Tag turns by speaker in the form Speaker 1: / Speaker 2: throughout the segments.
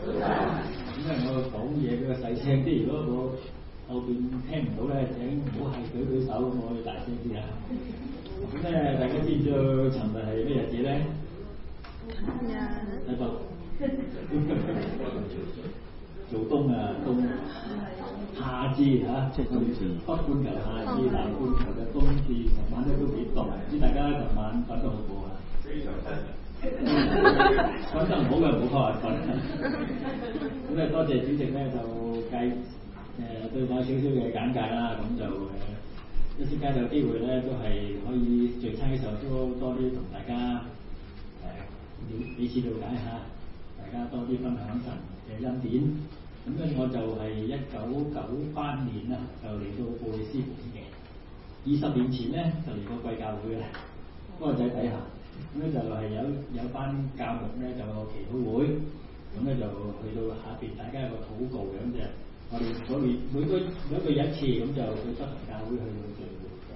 Speaker 1: 因、嗯、我講嘢比較細聲，即如果我後面聽唔到咧，請唔好係舉舉手，我要大聲啲啊。
Speaker 2: 咁、嗯、咧，大
Speaker 1: 家知唔知道尋日係咩日子咧？
Speaker 2: 係啊。禮、嗯、 做冬啊，冬啊、嗯、夏至嚇，即、啊、冬北半球夏至，南、嗯、半球就冬至晚，晚黑都幾凍。唔知大家
Speaker 1: 尋晚瞓到好唔好啊？非常
Speaker 2: 訓 得唔好嘅唔好開訓。咁啊， 多
Speaker 1: 謝主席咧，就介誒、呃、對我少少嘅簡介啦。咁就誒、
Speaker 2: 呃，一時間有機會咧，都係可以聚餐嘅時候，都多啲同大家誒彼此了解下，大家
Speaker 1: 多啲分享神嘅恩典。咁跟住我就係一九九八年啊，就嚟到布里斯班嘅。二十年前咧，就嚟過貴教會嘅。哥仔睇下。咁咧就係有有班教牧咧就祈禱會，咁咧就去到下邊，大家有個禱告嘅咁就，我哋嗰邊每個每一個月一次，咁就去不同教會去聚會嘅。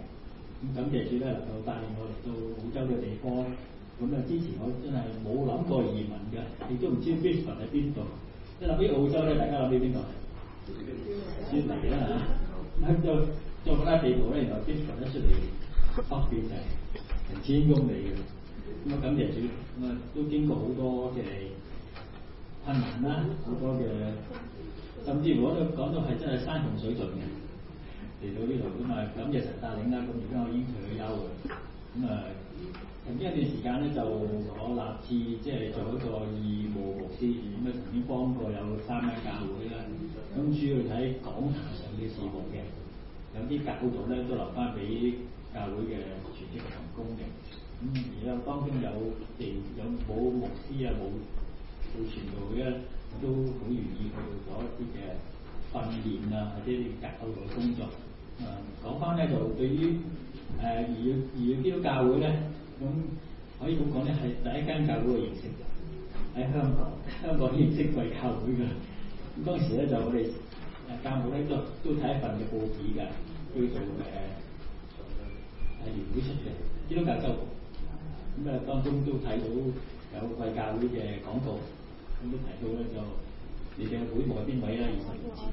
Speaker 2: 咁感謝主咧能夠帶我到
Speaker 1: 澳洲嘅地方，咁啊之前我真係冇諗過移民嘅，亦都唔知 Brisbane 喺邊度。一諗起澳洲咧，大家諗起邊度？先
Speaker 2: 嚟啦嚇，
Speaker 1: 咁喺度地圖咧？然後 Brisbane 出嚟北邊就成千公里嘅。咁啊感謝主，咁啊都經過好多嘅困難啦，好多嘅，甚至乎我都講到係真係山窮水盡嘅嚟到呢度，咁啊感謝神帶領啦，咁而家我已經退休啦。咁啊，頭先一段時間咧就我立志即係做一個義務牧師，咁啊曾經幫過有三間教會啦，咁主要睇講台上嘅事務嘅，有啲教導咧都留翻俾教會嘅全職同工嘅。
Speaker 2: 咁而家當中有地有冇牧師啊？冇，冇全部嘅，都好願意去做一啲嘅訓練啊，或者教會
Speaker 1: 嘅工作。啊、嗯，講翻咧就對於誒二月二月基督教會咧，咁、嗯、
Speaker 2: 可以講咧係第一間教會嘅形式喺香港，嗯、香港僾式貴教會㗎。咁當時咧就我哋、呃、教會咧都都睇一份嘅報紙㗎，叫做誒誒
Speaker 1: 年會出嚟，基督教就。咁當中都睇到有貴教會嘅廣告，咁都提到咧就你哋會內邊位咧二十年
Speaker 2: 前，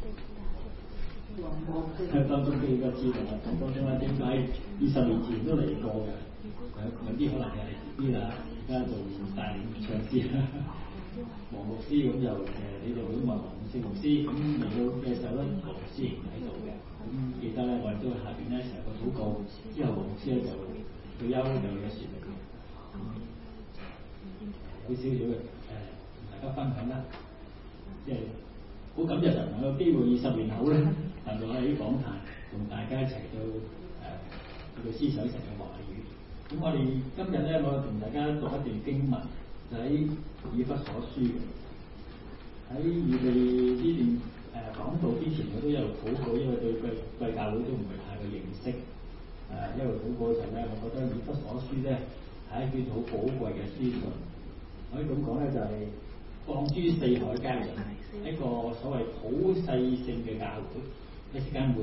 Speaker 2: 喺 當中都有個資料，我想問點解二十年前都嚟過嘅？問、嗯、啲、嗯嗯、可能係邊啦，而家做大領唱師，王牧
Speaker 1: 師咁又你呢度會問王牧師，咁嚟到咩時候咧？你王，牧師嗯、其實王牧師唔喺度嘅，咁、嗯、記得咧我哋都下邊咧成個禱告，之後王牧師咧就佢休有嘢事。少少嘅誒同大家分享啦，即係好感謝神，有機會二十年後咧能夠喺講壇同大家一齊到佢去、呃這個、思想一陣嘅話語。咁我哋今日咧，我同大家讀一段經文，就喺《以弗所書》喺預備呢段誒講道之前，呃、之前我都有好過，因為對貴貴教會都唔係太過認識誒、呃。因為好過陣咧，我覺得《以弗所書》咧係一卷好寶貴嘅書。
Speaker 2: 可以咁講咧，就係放諸四海皆人，一個所謂好細性嘅教會。一時間會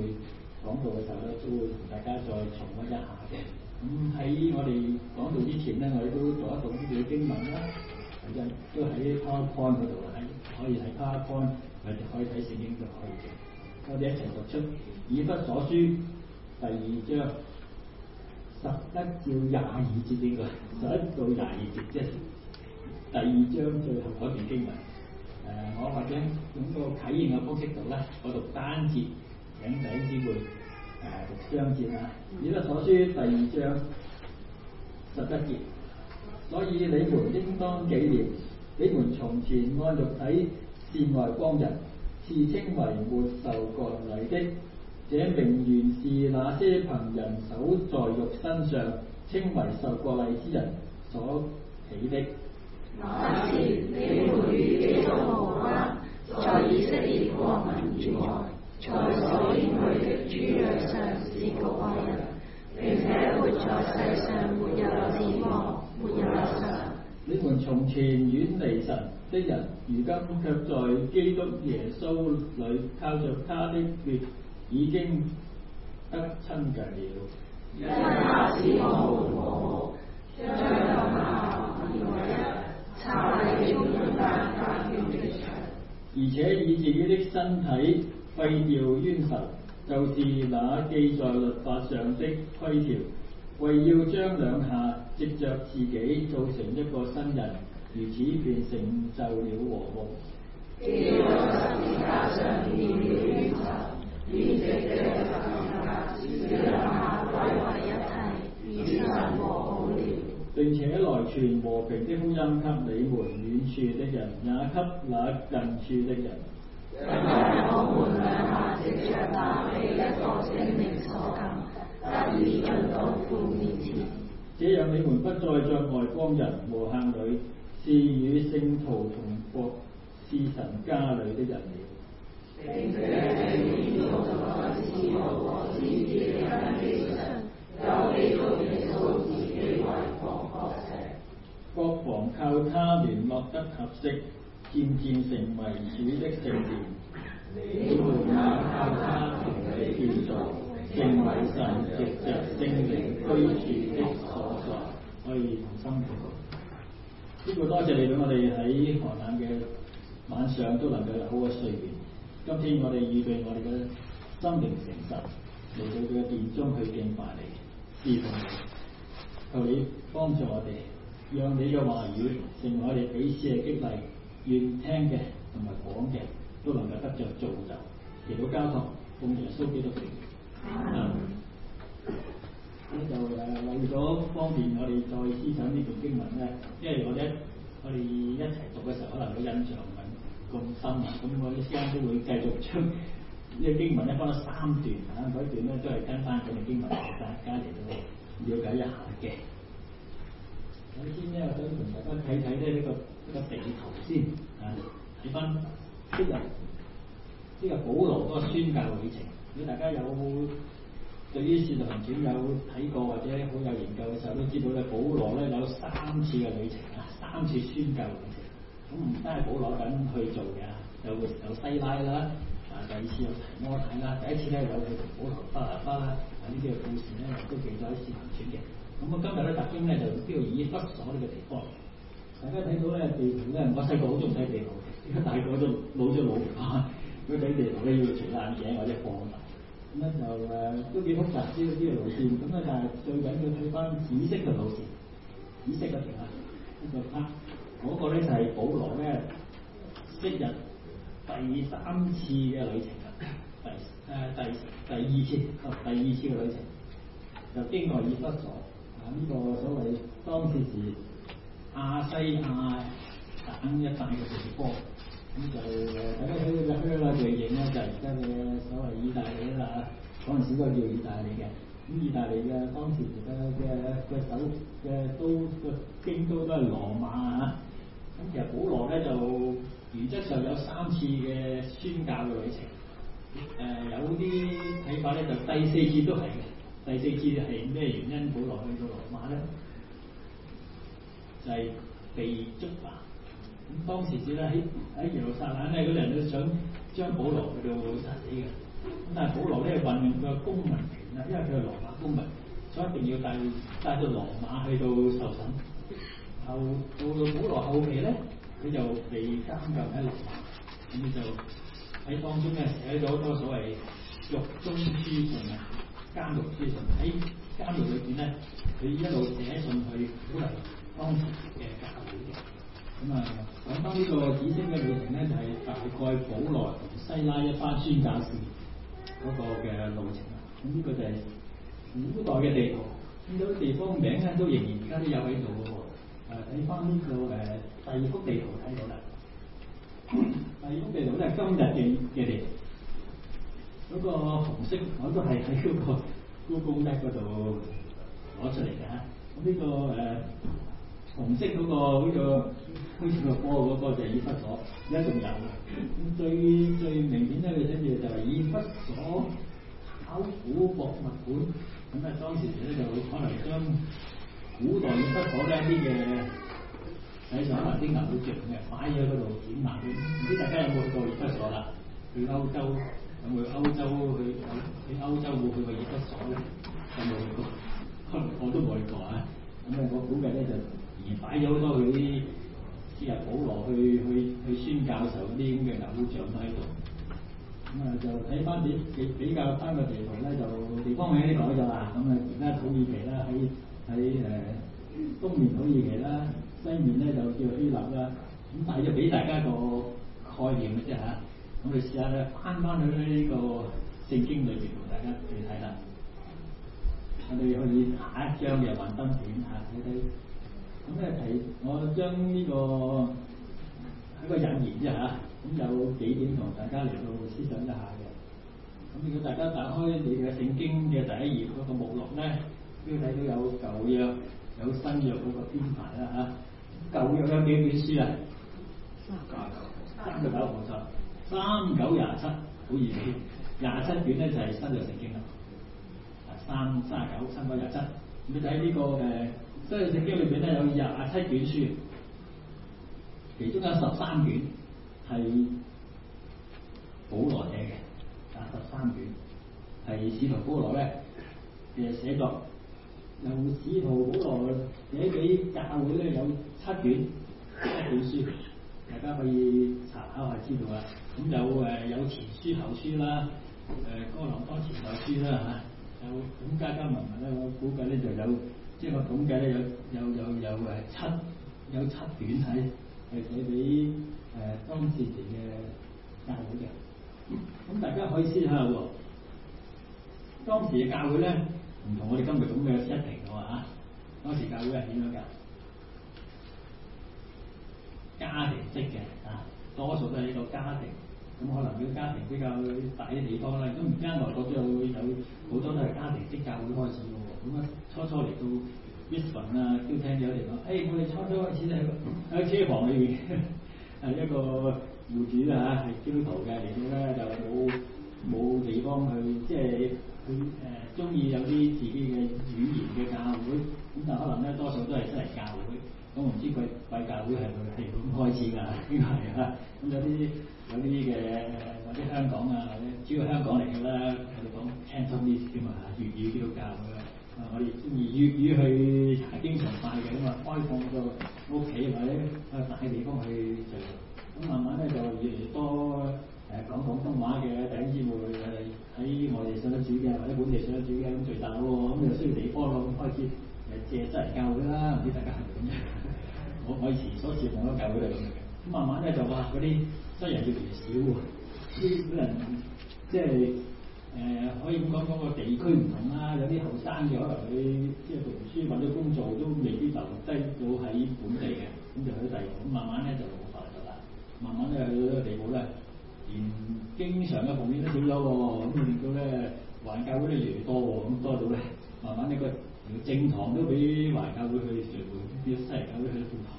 Speaker 1: 講到嘅時候咧，都會同大家再重溫一下嘅。咁喺我哋講道之前咧，我哋都讀一讀啲嘢經文啦。咁樣都喺 PowerPoint 嗰度，喺可以喺 PowerPoint 或者可以睇聖經就可以嘅。我哋一齊讀出《以弗所書》第二章十一至廿二節，呢個十一到廿二節，十一到二十一節啫。即係第二章最後嗰段經文，誒、呃、我或者咁個啟應嘅方式讀啦，我、那、讀、個、單節請、呃、節，弟兄姊妹誒讀雙節啊，以弗所書第二章十一節，所以你們應當紀念，你們從前按肉體是外邦人，自稱為沒受割禮的，這名原是那些憑人手在肉身上稱為受割禮之人所起的。
Speaker 2: 阿前，你們與基督無關，在以色列國民以外，在所選舉的主人
Speaker 1: 上是局外人，並且活在世上沒有指望，沒有常。你們從前遠離神的人，如今卻在基督耶穌裏靠著他的血已經
Speaker 2: 得親近了。能有而且以自己的身體廢掉冤仇，就是那記載律法上的規條，為要將兩下藉著自己造成一個新人，如此便成就了和睦。
Speaker 1: 並且來傳和平的福音給你們遠處的人，也給那近處的人的。這樣你們不再像外邦人和客旅，是與聖徒同國，是神家裏的人了。各房靠他聯絡得合適，漸漸成為主的聖殿。
Speaker 2: 你們也靠他同被建造，成為神藉着聖靈居住的所在。
Speaker 1: 可、嗯、以同心禱告。呢個多謝你俾我哋喺寒冷嘅晚上都能夠有好嘅睡眠。今天我哋預備我哋嘅心靈誠實，嚟到佢嘅殿中去敬拜你，侍奉你。求你幫助我哋。讓你嘅話語成為我哋彼此嘅激勵，願聽嘅同埋講嘅，
Speaker 2: 都能夠得着造就、嗯、就，得到交託，奉耶穌基督成。咁
Speaker 1: 就誒為咗方便我哋再思想呢段經文咧，因為我哋一我哋一齊讀嘅時候，可能都印象唔咁深啊，咁我哋之間都會繼續將呢個經文咧分咗三段啊，每段咧都係跟翻佢段經文，大家嚟到了解一下嘅。首先咧，我想同大家睇睇咧呢個呢個地圖先啊。點樣？即係即係保羅嗰個宣教旅程。咁大家有對於《使徒行傳》有睇過或者好有研究嘅時候，都知道咧，保羅咧有三次嘅旅程，啊，三次宣教旅程。咁唔單係保羅咁去做嘅，有有西拉啦，啊，第二次有提摩太啦，第一次咧有佢同保羅巴拿巴啦。啊，呢啲嘅故事咧都記載喺《使徒行傳》嘅。咁我今日咧特點咧就呢個以弗所呢個地方，大家睇到咧地圖咧，我細個好中意睇地圖，而家大個就冇咗路。嚇。去睇地圖咧要著眼鏡或者望，咁咧就誒、呃、都幾複雜呢啲路線。咁咧就係最緊要睇翻紫色嘅路線，紫色嘅條啊，那個、就呢個卡嗰個咧就係保羅咧，昔日第三次嘅旅程，第、呃、第第二次，哦、第二次嘅旅程，就經過以弗所。呢、這個所謂當時時亞西亞省一帶嘅地方，
Speaker 2: 咁就大家睇到嘅靴嘅地形咧，就而
Speaker 1: 家嘅所謂意大利啦嚇，嗰陣時都叫意大利嘅。咁意大利嘅當時而家嘅嘅首嘅都嘅京都都係羅馬嚇。咁其實保羅咧就原則上有三次嘅宣教嘅旅程，誒，有啲睇法咧就是第四次都係。第四次係咩原因保羅去到羅馬咧？就係被捉啦。咁當時只咧喺喺耶路撒冷咧，嗰啲人都想將保羅去到殺死嘅。咁但係保羅咧運用佢個公民權啊，因為佢係羅馬公民，所以一定要帶帶到羅馬去到受審。
Speaker 2: 後
Speaker 1: 到到保羅後期咧，佢就被監禁喺羅馬，咁就喺當中咧寫咗嗰個所謂獄中書信啊。監獄書信喺監獄裏邊咧，佢一路寫信去鼓勵當時嘅教會嘅。咁啊，講翻呢個指稱嘅路程咧，就係大概保羅同西拉一班宣教士嗰個嘅路程。咁、那、呢個就係古代嘅地圖，見、這、到、個、地方名咧都仍然而家都有喺度嘅喎。睇翻呢個誒第二幅地圖睇到啦。第二幅地圖咧，係今日嘅嘅地。嗰、那個紅色我都係喺嗰個 Google 嗰度攞出嚟嘅。咁呢個誒、呃、紅色嗰、那個好似好似個波嗰、那個那個、個就以弗所，而家仲有。咁最最明顯咧，佢寫住就係以弗所考古，古博物館。咁啊，當時咧就會可能將古代以弗所嘅一啲嘅睇上可能啲牛像嘅擺喺嗰度展覽。唔知大家有冇去過以弗所啦？去歐洲。咁去歐洲，去去歐洲去的，會去個研究所咧，咁啊，我都冇、那個、去過啊。咁啊，我估計咧就而擺咗好多佢啲，即係保羅去去去宣教嗰啲咁嘅偶像都喺度。
Speaker 2: 咁啊，就
Speaker 1: 睇翻啲，比比較翻個地圖咧，就地方喺呢度就啦。咁啊，而家土耳其啦，喺喺誒東面土耳其啦，西面咧就叫希臘啦。咁但係都俾大家個
Speaker 2: 概念嘅啫嚇。啊。我哋試下咧翻翻去呢個聖經裏邊同大家去睇啦。我哋可以下一張嘅幻燈片嚇，你睇。咁咧我將呢個喺個引言之下，咁有幾點同大家嚟到思想一下嘅。咁如果大家打開你嘅聖經嘅第一頁嗰個目錄咧，都會睇到有舊約、有新約嗰個編排啦嚇。舊約有幾本書啊？三十九，三十
Speaker 1: 九個集。三九廿七好易啲，廿七卷咧就係新約聖經啦。三三廿九、三九廿七，你睇呢個誒、呃、新約聖經裏邊咧有廿七卷書，其中有十三卷係保羅寫嘅，廿十三卷係使徒，徒保羅咧誒寫作，由使徒保羅寫俾教會咧有七卷七本書，大家可以查下就知道啦。咁有誒有前書後書啦，誒哥林多前後書啦吓，有咁加加埋埋咧，我估計咧就有，即、就、係、是、我咁計咧有有有有誒七有七段喺係寫俾誒當時時嘅教會嘅，咁大家可以先嚇喎，當時嘅教會咧唔同我哋今日咁嘅一嚟嘅喎吓，當時教會係點樣噶？家庭式嘅啊，多數都係呢個家庭。咁可能佢家庭比較大嘅地方咧，咁而家外國都有會有好多都係家庭式教會開始咯喎，咁啊初初嚟到 Miss t 啊邀請咗嚟講，誒、哎、我哋初初開始喺車房裏面，係一個戶主啊嚇係基督徒嘅嚟到咧就冇冇地方去，即係佢誒中意有啲自己嘅語言嘅教會，咁但可能咧多數都係真係教會。咁我唔知佢貴教會係咪係點開始㗎？依個係咁有啲有啲嘅，或者香港啊，主要香港嚟嘅啦。我哋講聽心啲先啊，粵語基督教咁啊，我哋以粵語去崇拜嘅咁啊，開放到屋企或者啊大地方去就咁，慢慢咧就越嚟越多。誒、呃、講廣東話嘅第一次會，誒喺我哋上得主嘅，或者本地上得主嘅咁最大喎、哦，咁、嗯、就需要地方喎，咁、嗯、開始誒借真人教嘅啦，唔知大家係唔係咁樣、嗯 我？我我以前所接觸嘅啲教會係咁嘅，咁慢慢咧就話嗰啲新人越嚟越少，啲 可能即係誒可以咁講，嗰、嗰個地區唔同啦、啊，有啲後生嘅可能佢即係讀完書揾到工作都未必留低到喺本地嘅，咁就去第二個，咁慢慢咧就冇法曬啦，慢慢咧去到呢個地步咧。
Speaker 2: 連經常嘅奉獻都少咗，咁令到咧環教會咧越嚟越多，咁多到咧，慢慢呢個正堂都俾環教會去聚會，啲西人教會去半堂，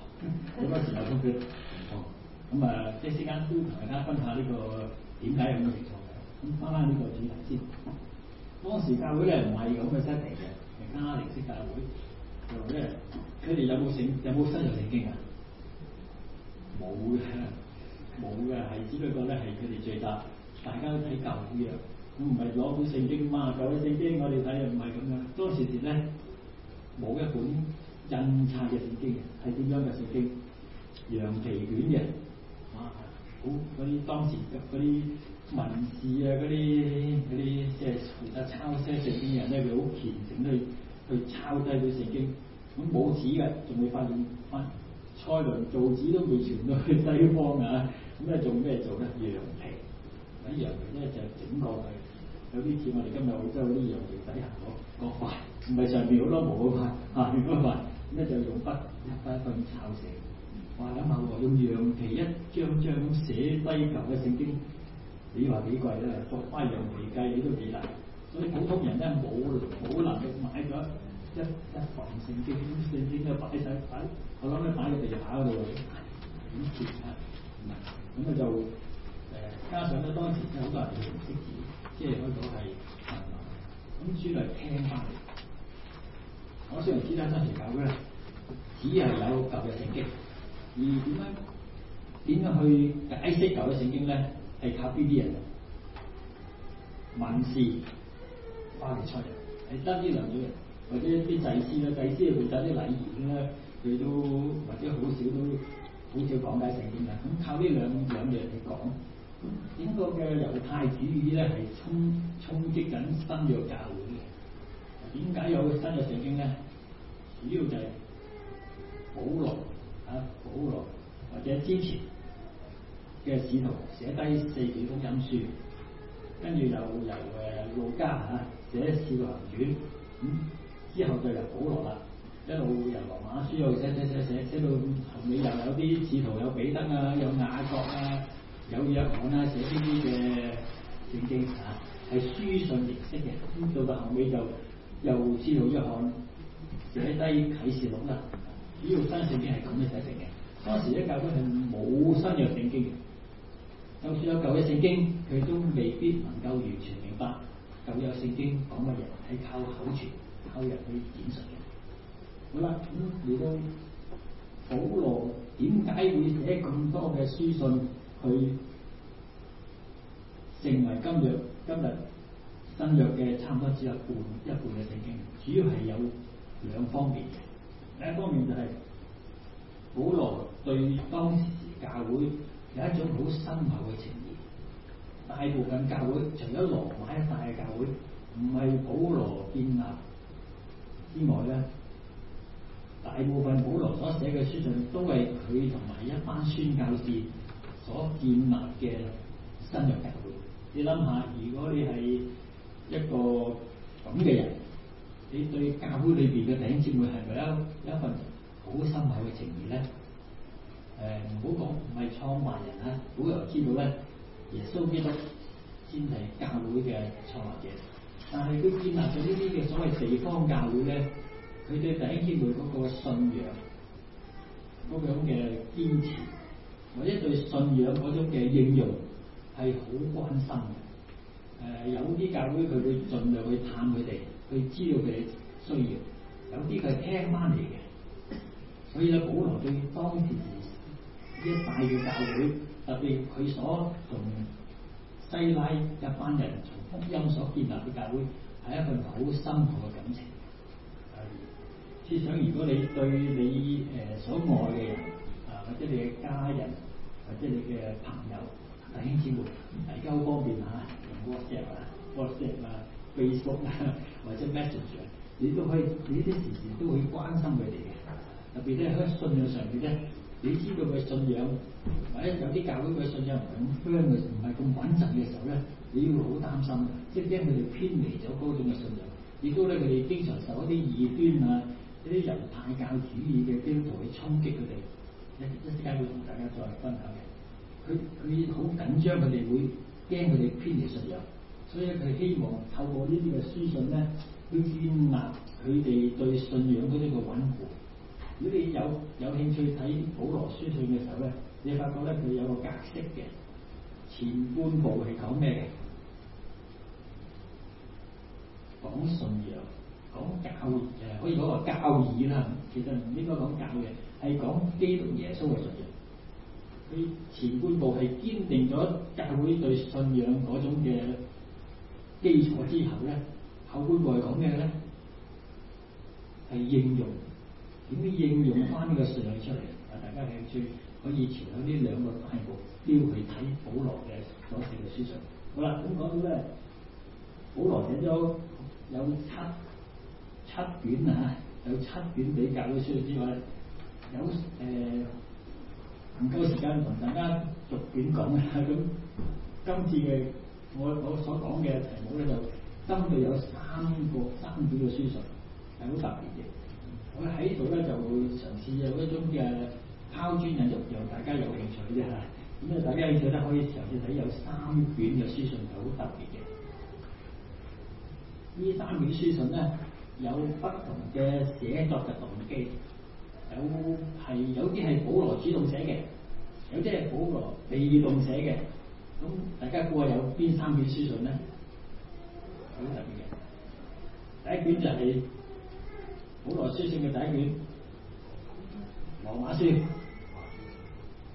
Speaker 2: 好 多時候都嘅情況。咁 啊、嗯，即係先間都同大家分下呢、呢個點解咁嘅情況嘅。咁翻翻呢個主題先。
Speaker 1: 當時教會咧唔係咁嘅 setup 嘅，係家庭式教會。就咧，佢哋有冇整有冇新舊聖經啊？冇嘅。冇嘅，係只不過咧係佢哋最大。大家都睇舊嘅，咁唔係攞本聖經嘛，舊嘅聖經我哋睇又唔係咁樣。當時時咧冇一本印刷嘅聖經嘅，係點樣嘅聖經？羊皮卷嘅，哇、啊！好嗰啲當時嗰啲文字啊，嗰啲啲即係負責抄寫聖經嘅人咧，佢好虔誠去去抄低本聖經，咁、啊、冇紙嘅，仲會發現啊！
Speaker 2: 蔡倫造紙都未傳到去西方啊！咁咧
Speaker 1: 做咩做咧？羊皮，喺羊皮咧就整過去。有啲似我哋今日澳洲啲羊皮底下嗰塊，唔係上面好多毛好塊，嚇，毛咁咧就用筆一筆一筆炒成。哇！咁後我用羊皮一張張咁寫低舊嘅聖經，你話幾貴啦？個塊羊皮計你都幾大，所以普通人咧冇冇能力買咗一一份聖經，聖經都擺晒，我諗你擺喺地下度。喎、嗯，點算啊？唔、嗯、係。咁啊就，呃、加上咧當時即係好多人唔識字，即係講到係文盲，咁主要係聽翻。我雖然知單三條狗啦，只係有舊嘅聖經，而點咧？點樣去解釋舊嘅聖經咧？係靠邊啲人？文士
Speaker 2: 翻嚟出嚟係得啲人嘅人或者啲祭司啦，祭司負責啲禮儀啦，佢都或者好少都。好少講解聖經，咁靠呢兩兩樣嚟
Speaker 1: 講，整個嘅猶太主義咧係衝衝擊緊新約教會嘅。點解有個新約聖經咧？主要就係保羅啊，保羅或者之前嘅使徒寫低四幾封信書，跟住就由誒路加嚇寫《使徒行傳》。嗯，咁之後就由保羅啦。一路由羅馬書又寫寫寫寫寫，到後尾又有啲使徒有彼得啊，有雅各啊，有約翰啊寫呢啲嘅聖經啊，係書信形式嘅，到到後尾就又使徒約翰寫低啟示錄啦。主要新聖經係咁樣寫成嘅。當時啲教會係冇新約聖經嘅，就算有舊約聖經，佢都未必能夠完全明白。舊約聖經講乜嘢係靠口傳，靠人去演述。好啦，咁你都保羅點解會寫咁多嘅書信，去成為今日今日新約嘅差唔多只有一半一半嘅聖經，主要係有兩方面嘅。第一方面就係保羅對當時教會有一種好深厚嘅情誼，大部分教會除咗羅馬一帶嘅教會唔係保羅建立之外咧。大部分保羅所寫嘅書信都係佢同埋一班宣教士所建立嘅新約教會。你諗下，如果你係一個咁嘅人，你對教會裏邊嘅頂尖會係咪有一份好深厚嘅情誼咧？誒，唔好講唔係創辦人啦，保羅知道咧，耶穌基督先係教會嘅創辦者，但係佢建立咗呢啲嘅所謂地方教會咧。佢對第一教會個信仰嗰種嘅堅持，或者對信仰種嘅應用係好關心嘅。誒、呃、有啲教會佢會盡量去探佢哋，去知道佢哋需要。有啲佢係聽翻
Speaker 2: 嚟嘅。所以咧，保羅對
Speaker 1: 當時呢一帶嘅教會，特別佢所同西拉一班人從福音所建立嘅教會係一份好深厚嘅感情。只想如果你對你誒所愛嘅人
Speaker 2: 啊，或者你嘅家人，或者你嘅朋友、弟兄姊妹，大家好方便嚇、啊，WhatsApp 啊、WhatsApp 啊、Facebook 啊，或者 message 啊，你都可以，你啲時時都會關心佢哋嘅。
Speaker 1: 特別咧喺信仰上面咧，你知道佢信仰或者有啲教會嘅信仰唔係咁，因為唔係咁穩陣嘅時候咧，你要好擔心，即係因佢哋偏離咗嗰種嘅信仰，亦都咧佢哋經常受一啲異端啊～呢啲猶太教主義嘅基督徒去衝擊佢哋，一一陣間會同大家再分享嘅。佢佢好緊張，佢哋會驚佢哋偏離信仰，所以佢希望透過呢啲嘅書信咧，去建立佢哋對信仰嗰啲嘅穩固。如果你有有興趣睇保羅書信嘅時候咧，你會發覺咧佢有個格式嘅，前半部係講咩嘅？講信仰。講教誒，可以講個教義啦，其實唔應該講教嘅，係講基督耶穌嘅信仰。佢前半部係堅定咗教會對信仰嗰種嘅基礎之後咧，後半部係講咩咧？係應用，點樣應用翻呢個信仰出嚟？啊，大家係最可以朝向呢兩個大目標去睇保羅嘅所寫嘅書信。好啦，咁講到咧，保羅寫咗有七。七卷啊，有七卷比較嘅書之外咧，有誒唔、呃、夠時間同大家逐卷講嘅，咁今次嘅我我所講嘅題目咧，就真係有三個三卷嘅書信係好特別嘅。我喺度咧就會
Speaker 2: 嘗試有一種嘅拋磚引玉，讓大家有興趣啫嚇。咁啊，大家亦覺得可以嘗試睇有三卷嘅書信係好特別嘅。
Speaker 1: 呢三卷書信咧。有不同嘅寫作嘅動機，有係有啲係保羅主動寫嘅，有啲係保羅被動寫嘅。咁大家估下有邊三書呢、嗯、有卷書信咧？嘅第一卷就係保羅書信嘅第一卷，羅馬書。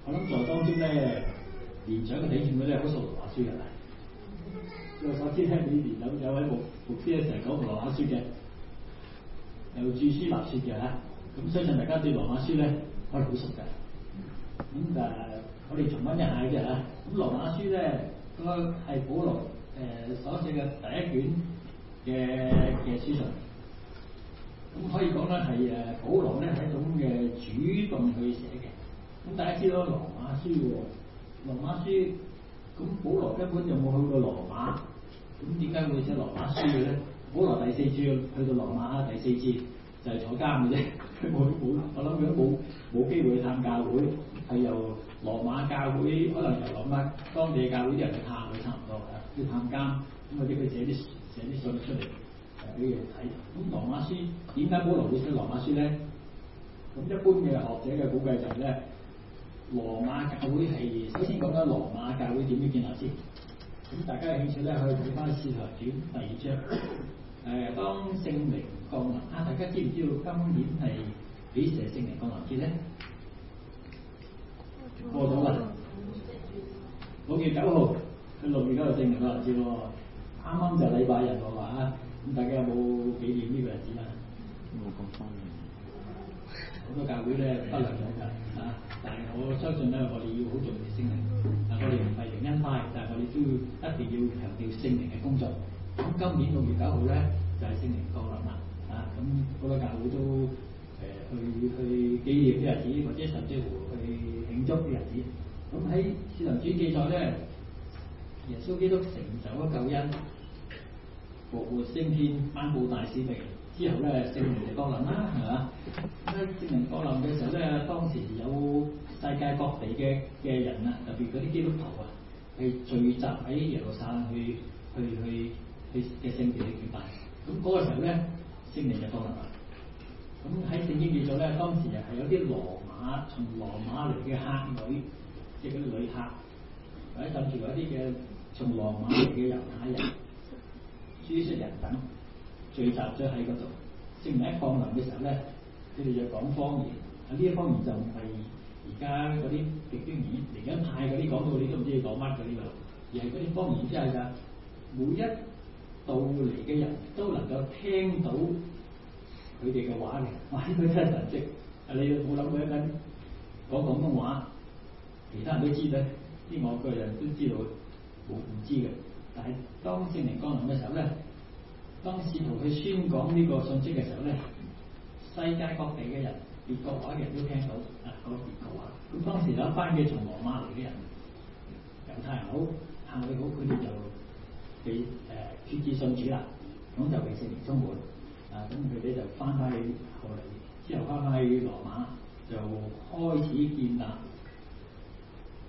Speaker 1: 我諗在當中咧，年長嘅弟兄佢哋好熟羅馬書嘅啦。因為我知，前聽年有有位牧牧師成日講羅馬書嘅。有注書立說嘅嚇，咁相信大家對羅馬書咧，嗯，我哋好熟嘅。咁誒，我哋重温一下嘅，嚇。咁羅馬書咧，嗰個係保羅誒、呃、所寫嘅第一卷嘅嘅書信。咁可以講咧係誒保羅咧係一種嘅主動去寫嘅。咁大家知道羅馬書，羅馬書，咁保羅根本就冇去過羅馬。咁點解會寫羅馬書嘅咧？保羅第四次去到羅馬，第四次就係、是、坐監嘅啫，冇 冇我諗住冇冇機會去探教會，係由羅馬教會，可能由羅馬當地教會啲人去探佢差唔多啦，要探監，咁或者佢寫啲寫啲信出嚟
Speaker 2: 俾佢睇。咁羅馬書，點解保羅會寫羅馬書咧？咁
Speaker 1: 一般嘅學者嘅估計就係咧，羅馬教會係首先講緊羅馬教會點樣建立先。咁大家有興趣咧去睇翻使徒行傳第二章。誒，當聖靈降臨啊！大家知唔知道今年係幾時係聖靈降臨節咧？過咗啦，五月九號佢六月九號聖靈降臨節喎，啱啱就禮拜日喎嚇！咁大家有冇紀念呢個日子啊？
Speaker 2: 冇咁方便。好
Speaker 1: 多教會咧忽略咗㗎嚇，但係我相信咧，我哋要好重視聖靈。但我哋唔係靈恩派，但係我哋都要一定要強調聖靈嘅工作。咁今年六月九號咧就係、是、聖靈降臨啊！咁、那、嗰個教會都
Speaker 2: 誒去去紀念啲日子，或者甚至乎去慶祝啲日子。咁喺《聖靈主記載》
Speaker 1: 咧，耶穌基督成就咗救恩，復活，活升天、頒布大使命之後咧，聖靈就降臨啦，係嘛？咁喺聖靈降臨嘅時候咧，當時有世界各地嘅嘅人啊，特別嗰啲基督徒啊，去聚集喺耶路撒冷去去去。去去嘅嘅聖節嘅結拜，咁嗰個時候咧，聖靈就降臨啦。咁喺聖經記載咧，當時又係有啲羅馬從羅馬嚟嘅客，就是，女，即係嗰啲旅客，或者跟住嗰啲嘅從羅馬嚟嘅猶太人，敘述人等，聚集咗喺嗰度。聖靈一降臨嘅時候咧，佢哋就講方言。呢一方言就唔係而家嗰啲極端異，靈恩派嗰啲講到你都唔知佢講乜嗰啲㗎，而係嗰啲方言真係㗎。每一到嚟嘅人都能夠聽到佢哋嘅話嘅，哇！呢個真神跡啊！你冇諗佢一陣講廣東話，其他人都知咧，啲外國人都知道，冇唔知嘅。但係當聖靈降臨嘅時候咧，當試圖去宣講呢個信息嘅時候咧，世界各地嘅人，異國嘅人都聽到啊嗰段話。咁當時有一班嘅從羅馬嚟嘅人，猶太人際好，行為好，佢哋就被。主治信主啦，咁就未四年中門啊！咁佢哋就翻返去後嚟，之後翻返去羅馬，就開始建立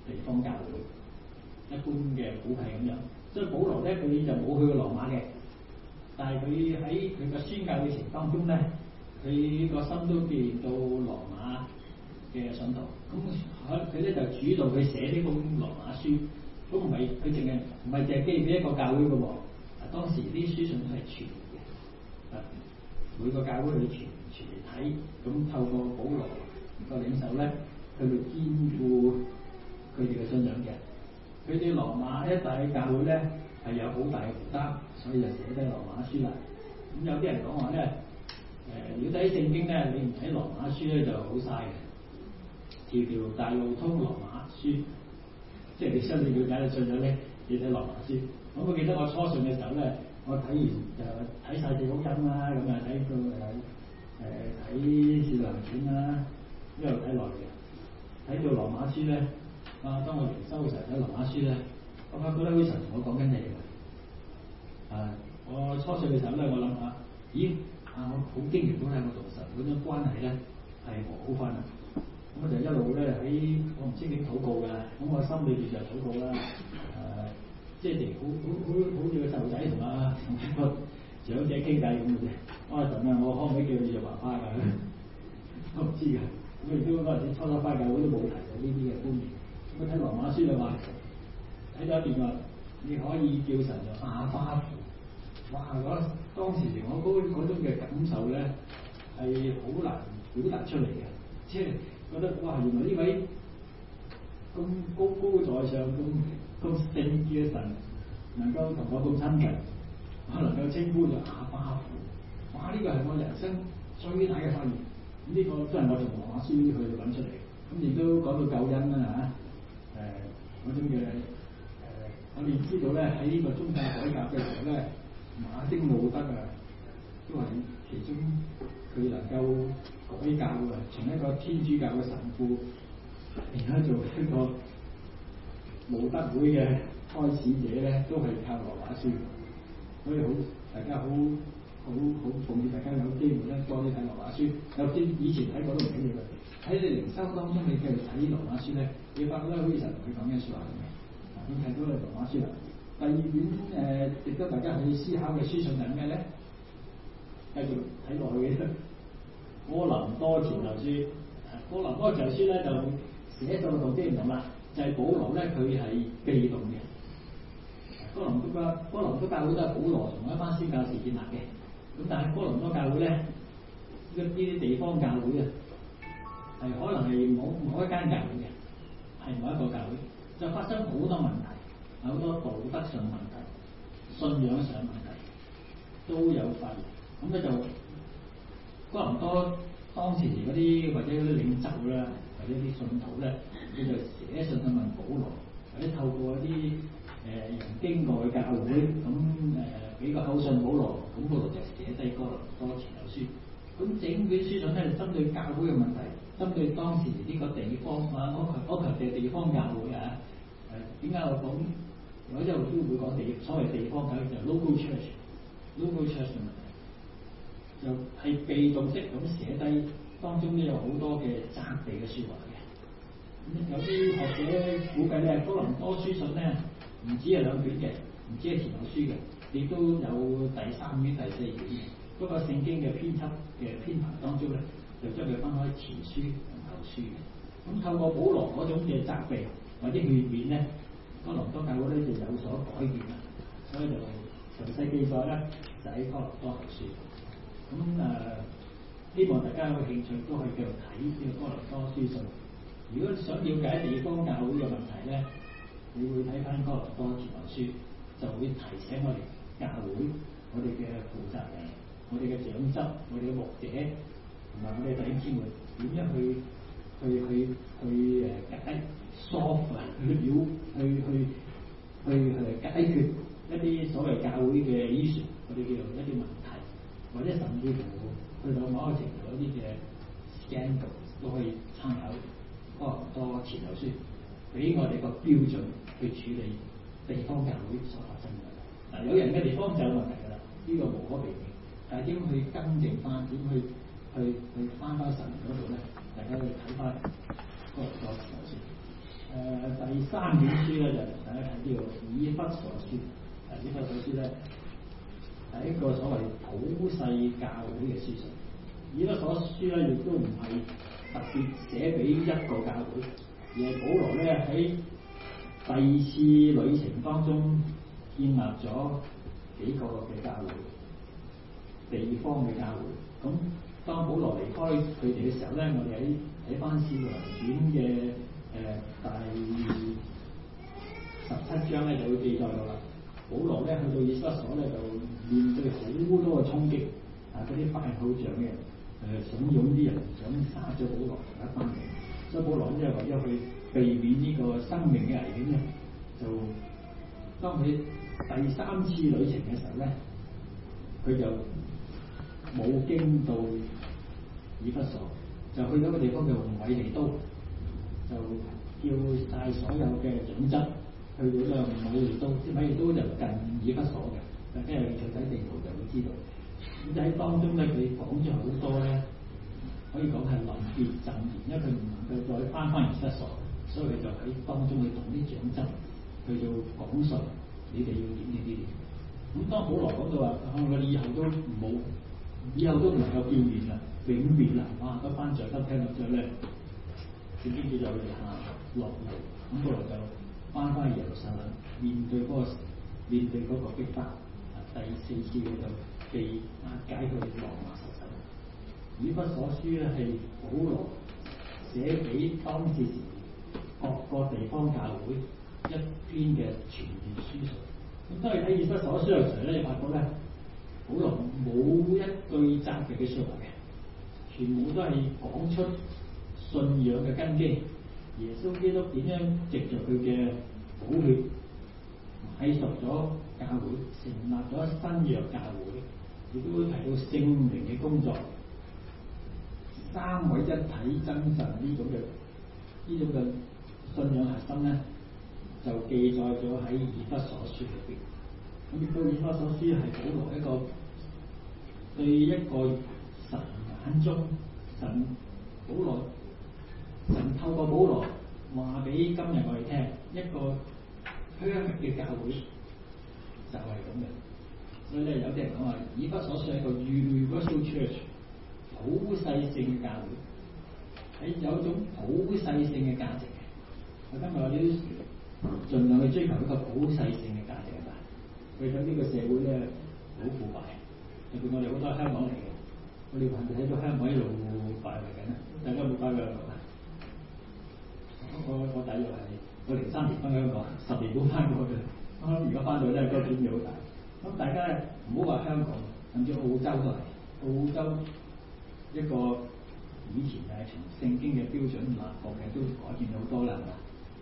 Speaker 1: 地方教會，一般嘅古係咁樣。所以保羅咧佢就冇去過羅馬嘅，但係佢喺佢個宣教旅程當中咧，佢個心都見到羅馬嘅信徒。咁佢咧就主導佢寫呢本羅馬書，咁唔係佢淨係唔係淨係基於一個教會嘅喎。當時啲書信都係傳，嘅，每個教會都傳傳，嚟睇，咁透過保羅個領袖咧，佢到堅固佢哋嘅信仰嘅。佢哋羅馬一帶教會咧係有好大嘅負擔，所以就寫低羅馬書啦。咁有啲人講話咧，如果要睇聖經咧，你唔睇羅馬書咧就好嘥
Speaker 2: 嘅。條條大路通羅馬書，
Speaker 1: 即係你相信了解嘅信仰咧，要睇羅馬書。
Speaker 2: 咁我記得我初信嘅時候咧，我睇完就睇
Speaker 1: 晒地老音啦，咁啊睇到誒誒睇《少、呃、林片啦，一路睇落嚟，睇到《羅馬書》咧。啊，當我研修嘅時候睇《羅馬書》咧，我覺得個神同我講緊你嘅。啊，我初信嘅時候咧，我諗下，咦啊，我好驚奇都係我同神本嘅關係咧，係和好關係？咁我就一路咧喺、欸、我唔知點禱告嘅，咁我心裏邊就禱告啦。即係好好好好似個細路仔同啊同一個長者傾偈咁嘅啫。啊神啊，我可唔可以叫你做爸爸㗎？我唔知㗎。咁啊，都果嗰時初初返教會都冇提過呢啲嘅觀念。咁睇《羅馬書》就話，睇到入面話你可以叫神就阿爸。哇！我當時我嗰、嗰個、種嘅感受咧係好難表達出嚟嘅，即係覺得哇！原來呢位。咁高高在上，咁咁聖潔嘅神，能夠同我咁親近，我能夠稱呼做阿爸父，哇！呢個係我人生最大嘅發現。呢、這個都係我從羅馬書去揾出嚟。咁亦都講到救恩啦嚇。誒、啊，嗰種嘅誒，我哋、欸、知道咧喺呢個宗教改革嘅時候咧，馬丁路德啊，都係其中佢能夠改教嘅，從一個天主教嘅神父。
Speaker 2: 而家做一個
Speaker 1: 冇得會嘅開始者咧，都係靠羅馬書，所以好大家好好好好奉大家有機會咧多啲睇羅馬書。有啲以前睇過都唔緊要嘅喎，喺你人生當中你繼續睇羅馬書咧，你發覺咧好似成日同你講一樣説話咁睇到你羅馬書啦。第二卷誒，亦都大家可以思考嘅書信係咩咧？繼續睇落去嘅，《柯林多前書》。
Speaker 2: 柯林多前書咧就。寫做嘅都知唔同啦，就係、是、保羅咧，佢係被動嘅。哥倫多啊，哥倫多教會都係保羅同一班先教士建立
Speaker 1: 嘅。咁但係哥倫多教會咧，會呢啲地方教會啊，係可能係某某一間教會嘅，係某一個教會，就發生好多問題，好多道德上問題、信仰上問題都有發現。咁咧就哥倫多當時嗰啲或者啲領袖啦。的呢啲信徒咧，佢就是、寫信去問保羅，或者透過啲誒、呃、經外教會，咁誒俾個口信保羅，咁嗰度就寫低個個傳道書。咁整本書上咧，針對教會嘅問題，針對當時呢個地方啊，歐強歐強嘅地方教會啊，誒點解我講，我路都會講地所謂的地方教育就是、local church，local church 嘅問題，就係、是、被動式咁寫低。當中都有好多嘅責備嘅説話嘅，咁有啲學者估計咧，哥林多書信咧唔止係兩卷嘅，唔止係前後書嘅，亦都有第三卷、第四卷嘅。嗰個聖經嘅編輯嘅編排當中咧，就將佢分開前書同後書嘅。咁透過保羅嗰種嘅責備或者勸勉咧，哥林多教會咧就有所改變啦。所以就詳細記載咧，就喺哥林多後書。咁誒。呃希望大家有興趣都可以繼續睇呢個哥林多書信》。
Speaker 2: 如果想了解地方教會嘅問題咧，
Speaker 1: 你會睇翻《哥林多前書，就會提醒我哋教會，我哋嘅負責人、我哋嘅長執，我哋嘅牧者同埋我哋弟兄姊妹點樣去去去去誒解疏啊、解去
Speaker 2: 了去去去解決一啲所謂教會嘅 issue，我哋嘅一啲問題或者甚至乎。去到某個程度，嗰啲嘅
Speaker 1: scandal 都可以參考，哥林多前書，俾我哋個標準去處理地方教會所發生嘅問題。嗱，有人嘅地方就有問題㗎啦，呢、這個無可避免。但係點去更正翻？點去去去翻翻神嗰度咧？大家要睇翻哥林多前書。誒、呃，第三本書咧就大家睇呢個《以弗所書》個書呢，《以弗所書》咧，係一個所謂普世教會嘅書信，而呢本書咧亦都唔係特別
Speaker 2: 寫俾一個教會，而係保羅咧喺
Speaker 1: 第二次旅程當中建立咗幾個嘅教會地方嘅教會，
Speaker 2: 咁當保羅離開佢哋嘅時候咧，我哋喺睇翻先來卷嘅誒第十
Speaker 1: 七章咧就會記載到啦。保羅咧去到以弗所咧就面對好多嘅衝擊啊，啲拜偶像嘅誒慫恿啲人想殺咗保羅而家翻嚟，所以保羅即係為咗去避免呢個生命嘅危險咧，就當佢第三次旅程嘅時候咧，佢就冇經到以弗所，就去咗個地方叫米利都，
Speaker 2: 就叫晒所有嘅準則。去到呢，米利都，米利都就近以弗所嘅，即係睇吓地圖就會知道。
Speaker 1: 咁就喺當中咧，佢講咗好多咧，可以講係臨別贈言，因為佢唔能夠再翻返以弗所，所以佢就喺當中去同啲長執，去做講述。你哋要點呢啲嘢？咁當保羅講到話，我哋以後都冇，以後都唔能夠見面啦，永別啦！哇、啊，班長執聽到之後咧，自己落嚟，咁後來就。翻返二三面對嗰個面對嗰個逼迫，迫，第四次佢就被解去羅馬實實。《以弗所書》咧係保羅寫俾當時，時各個地方教會一篇嘅全面書信。咁當你喺《以弗所書》嘅時候咧，你發覺咧，保羅冇一句責備嘅說話嘅，全部都係講出信仰嘅根基。耶穌基督點樣藉著佢嘅寶血買受咗教會，成立咗
Speaker 2: 新約教會，亦都會提到聖靈嘅工作。三位一
Speaker 1: 體真神呢種嘅呢種嘅信仰核心咧，就記載咗喺《以弗所書》入邊。咁亦都《以弗所書》係保羅一個對一個神眼中神好耐。神透過保羅話俾今日我哋聽，一個香嘅教會就係咁嘅。所以有啲人講話，以弗所係一個 universal church，普世性嘅教會，係有一種普世性嘅價值嘅。我今日我哋盡量去追求一個普世性嘅價值啦。佢喺呢個社會咧好腐敗，特別我哋好多香港嚟嘅，我哋近期睇到香港一路敗壞緊啦，大家冇發覺？我我大約係我零三年分咗香港，十年冇翻過去。我諗而家翻到咧，都改變咗好大。咁大家咧唔好話香港，甚至澳洲都係澳洲
Speaker 2: 一個以前啊，從聖經嘅標準嚟講嘅都改變咗好多啦。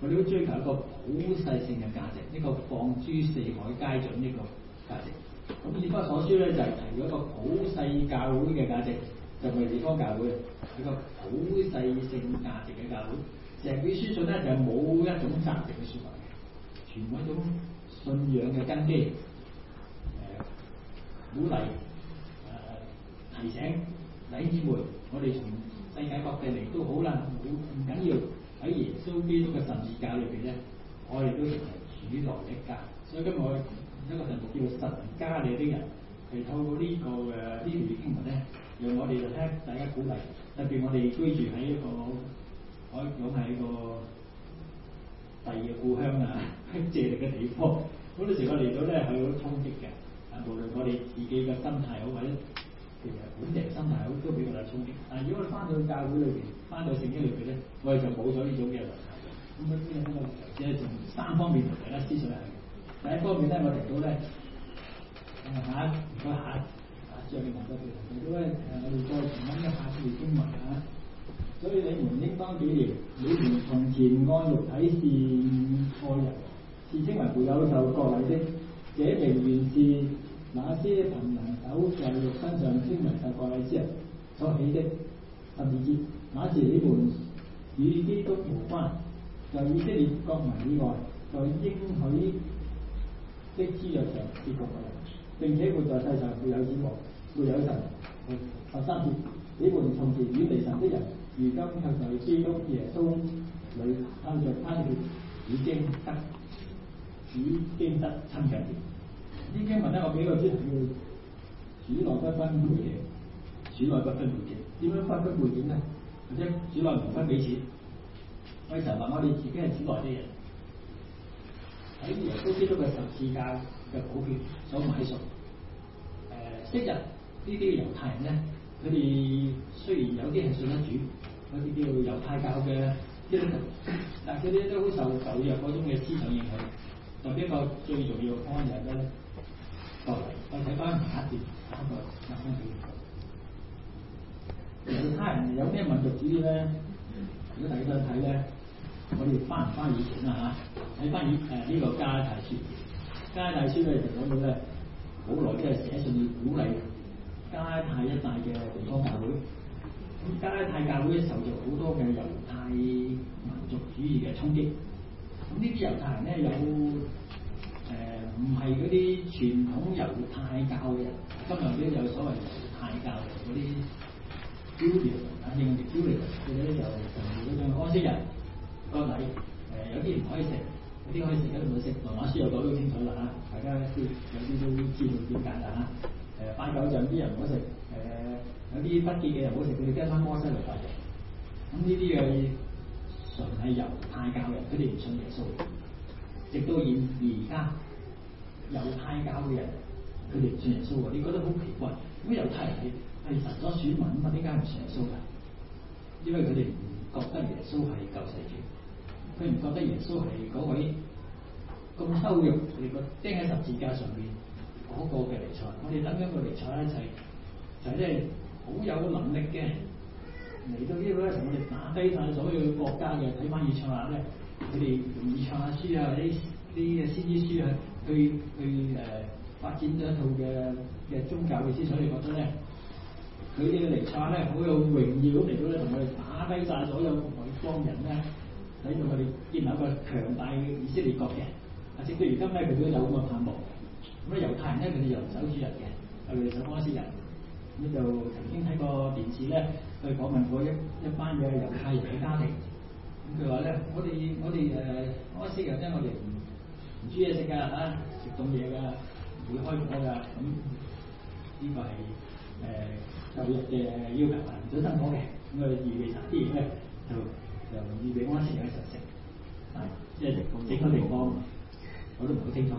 Speaker 2: 我哋都追求一個普世性嘅價
Speaker 1: 值，一個放諸四海皆準呢個價值。咁以弗所書咧就係提咗一個普世教會嘅價值，就係地方教會，一個普世性價值嘅教會。成啲書信咧就冇一種價值嘅說法嘅，全部一種信仰嘅根基，誒
Speaker 2: 鼓勵誒提醒弟兄姊妹，我哋從世界各地嚟都好啦，唔緊要喺耶穌基督嘅十字架裏邊咧，我哋都係主來一家。所以今日我一、這個題目叫做神家裏啲人，係透過呢、這
Speaker 1: 個嘅呢段經文咧，讓、這個、我哋就聽大家鼓勵，特別我哋居住喺一個。我講喺個第二嘅故鄉啊，借力嘅地方。嗰陣時我嚟到咧，係好衝擊嘅。無論我哋自己嘅心態好，或者其實本地人心態好，都比較大衝擊。但如果我翻到去教會裏邊，翻到聖經裏邊咧，我哋就冇咗呢種嘅力量。咁所以呢咁個，只係從三方面同大家思出嚟。第一方面咧，我提到咧嚇，佢嚇，上面嗰條，因為誒，如果平安嘅下星期先埋嚇。所以你們應當記念，你們從前按肉體是愛人，是稱為沒有受割禮的。這名原是那些憑人手在肉身上稱為受割禮之人所起的。十二節。那時你們與基督無關，就以色列國民以外，就應許的諸約上是局外人，並且活在世上沒有指望沒有神。十三節。你們從前與離神的人。如今向在基督耶穌裏，靠着恩典已經得主經得親近。啲經文咧，我幾個知係主內不分回應，主內不分回應。點樣不分回應咧？或者主內唔分彼此。我哋尋問我哋自己，係主內啲人喺耶穌基督嘅十字架嘅寶血所買贖。誒、呃、昔日呢啲猶太人咧，佢哋雖然有啲係信得主。嗰啲叫猶太教嘅，但嗰啲都好受受弱嗰種嘅思想影響。就呢個最重要嘅方向咧。好、哦，我睇翻下一節，三個一分鐘。其他人有咩民族主義咧？如
Speaker 2: 果大家睇咧，
Speaker 1: 我哋翻唔翻以前啦嚇？睇翻以誒呢個加《加泰書》，《加泰書》咧就講到咧，好耐嘅寫信要鼓勵加泰一帶嘅地方教會。加拉太教會受到好多嘅猶太民族主義嘅衝擊，咁呢啲猶太人咧有誒唔係嗰啲傳統猶太教嘅人，今日有啲就所謂的猶太教嗰啲標籤啊，反正標籤，佢咧就甚至嗰種安息日該禮誒、呃、有啲唔可以食，有啲可以食，唔可以食《羅馬書》又講到清楚啦嚇，大家啲有啲都知道點解啦嚇，誒拜偶像啲人唔好食誒。呃有啲不潔嘅人好似佢哋跟翻摩西嚟拜神。咁呢啲嘅純係猶太教人，佢哋唔信耶穌。直到現而家猶太教嘅人，佢哋唔信耶穌。你覺得好奇怪？咁猶太人係神所選民，咁啊，點解唔信耶穌？因為佢哋唔覺得耶穌係救世主，佢唔覺得耶穌係嗰位咁羞辱，佢哋個釘喺十字架上面嗰個嘅尼賽。我哋等緊個尼賽一就係、就即係。好有個能力嘅嚟到呢度咧，同我哋打低晒所有國家嘅，睇翻以賽亞咧，佢哋容易賽亞書啊，或者啲嘅先知書啊，去去誒、呃、發展咗一套嘅嘅宗教嘅思想你講，覺得咧佢哋嘅嚟唱咧好有榮耀咁嚟到咧，同佢哋打低晒所有同外
Speaker 2: 邦人咧，睇
Speaker 1: 到佢哋建立一個強大嘅以色列國嘅，啊，直到如今咧佢都有咁嘅盼望。咁咧猶太人咧佢哋又唔守主日嘅，佢哋守安息日。呢度曾經睇過電視咧，去訪問過一一班嘅猶太人嘅家庭。咁佢話咧：我哋我哋誒安息人咧，我哋唔唔煮嘢食㗎嚇，食凍嘢㗎，唔會開火㗎。咁呢個係誒遊樂嘅要求啊，唔想生火嘅。咁啊，預備茶啲嘢咧，就就預備安息日嘅食食。啊，即係整個地方我都唔好清楚，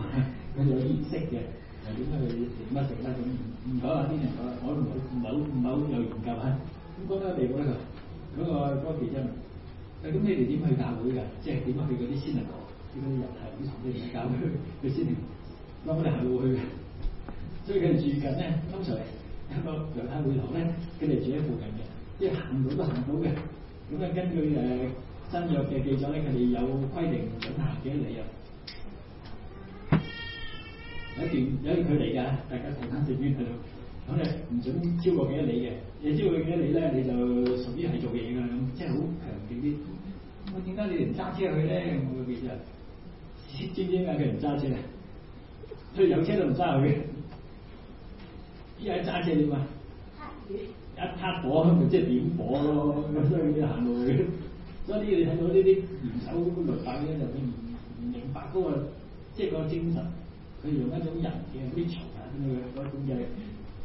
Speaker 1: 佢有儀式嘅。點去整乜食得咁？唔講啦，啲人講啦，我唔唔好唔好做研究啊！咁講咩地方咧？嗰、那個高奇真啊！咁、那個、你哋點去教會噶？即係點去嗰啲先人堂？點樣入係嗰啲什麼教佢。佢先人，咁我哋行路去嘅。所以佢住緊咧，通常有個猶太會堂咧，佢哋住喺附近嘅，即係行到都行到嘅。咁啊，根據誒新約嘅記載咧，佢哋有規定準行嘅理由，一段有一段距離㗎，大家坐纜車去到咁你唔準超過幾多里嘅，你超過幾多里咧，你就屬於係做嘢㗎咁，即係好強調啲。咁點解你哋唔揸車去咧？我記住，知點解佢唔揸車， 所以有車都唔揸去。嘅。依家揸車點啊？一撻火咪即係點火咯，咁 所以要行路嘅。所以呢，你睇到呢啲唔守規律法咧，就唔唔明白嗰個即係嗰個精神。佢用一種人嘅啲傳統咁樣嗰種嘅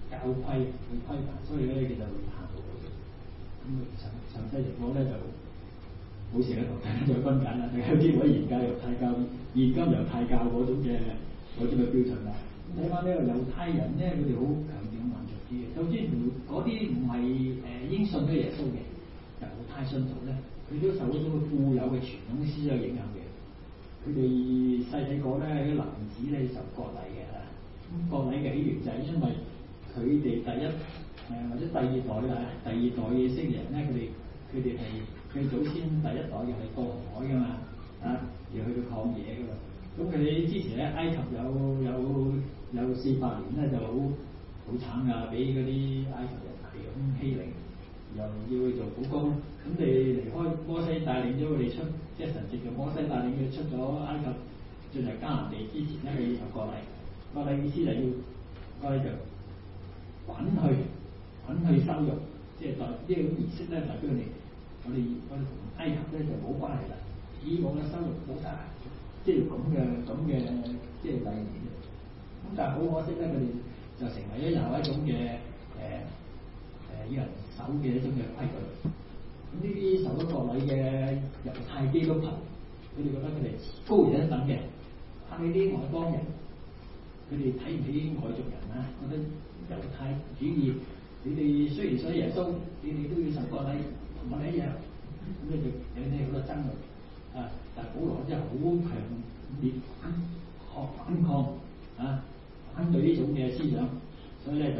Speaker 1: 教規去規範，所以咧佢就行唔到嘅。咁上上世嚟講咧就冇成日同大家再分緊啦。有啲無研究猶太教，現今猶太教嗰種嘅嗰種嘅標準啦、啊。睇翻呢個猶太
Speaker 2: 人咧，佢哋好強調民族
Speaker 1: 啲嘅。就啲唔嗰啲唔係誒英信嘅耶穌嘅猶太信徒咧，佢都受嗰種固有嘅傳統思想影響嘅。佢哋細細個咧，啲男子咧就割禮嘅。割禮嘅起源就係因為佢哋第一
Speaker 2: 誒或者第二代啦，第二代嘅以色列人咧，佢哋佢哋係佢祖先第一代又係過海㗎嘛，啊而去到抗嘢㗎嘛。咁佢哋之前咧，埃及有有有四百年咧就好好慘㗎，俾嗰啲埃及人係咁欺凌。又要去做苦工，咁你離開摩西帶
Speaker 1: 領咗佢哋出，即係神接住摩西帶領佢出咗埃及進入迦南地之前咧，佢就過嚟。過、那、嚟、個、意思就係要過嚟就揾去揾去收入，即係就、這個、呢種儀式咧，代表你我哋我哋我哋同埃及咧就冇關係啦。以往嘅收入好大，即係咁嘅咁嘅即係嚟源。咁但係好可惜咧，佢哋就成為咗又一種嘅誒誒以人。守嘅一種嘅規矩，咁呢啲受咗割禮嘅猶太基督徒，佢哋覺得佢哋高人一等嘅，呢啲外邦人，佢哋睇唔起啲外族人啊，覺得猶太主義，你哋雖然信耶穌，你哋都要受割禮，同我哋一樣，咁咧就引起好多爭論啊！但係保羅之後好強烈反抗反抗啊，反對呢種嘅思想，所以咧就。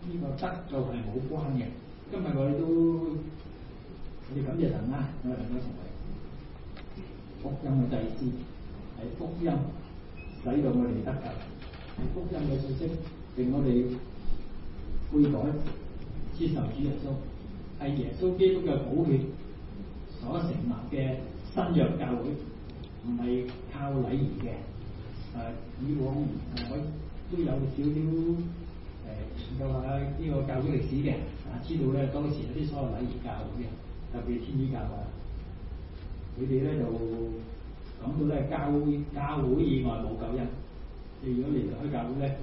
Speaker 1: 呢、這個得就係冇關嘅，今日我哋都我哋感謝神啦、啊，我哋能夠成為福音嘅祭司係福音，使到我哋得救，係福音嘅信息令我哋悔改接受主耶穌，係耶穌基督嘅寶血所成立嘅新約教會，唔係靠禮儀嘅。誒、啊、以往我都有少少。就話、是、呢個教會歷史嘅，知道咧當時有啲所謂禮儀教會嘅，特別天主教啊，佢哋咧就講到咧，教教會以外冇救恩。你如果離開教會咧，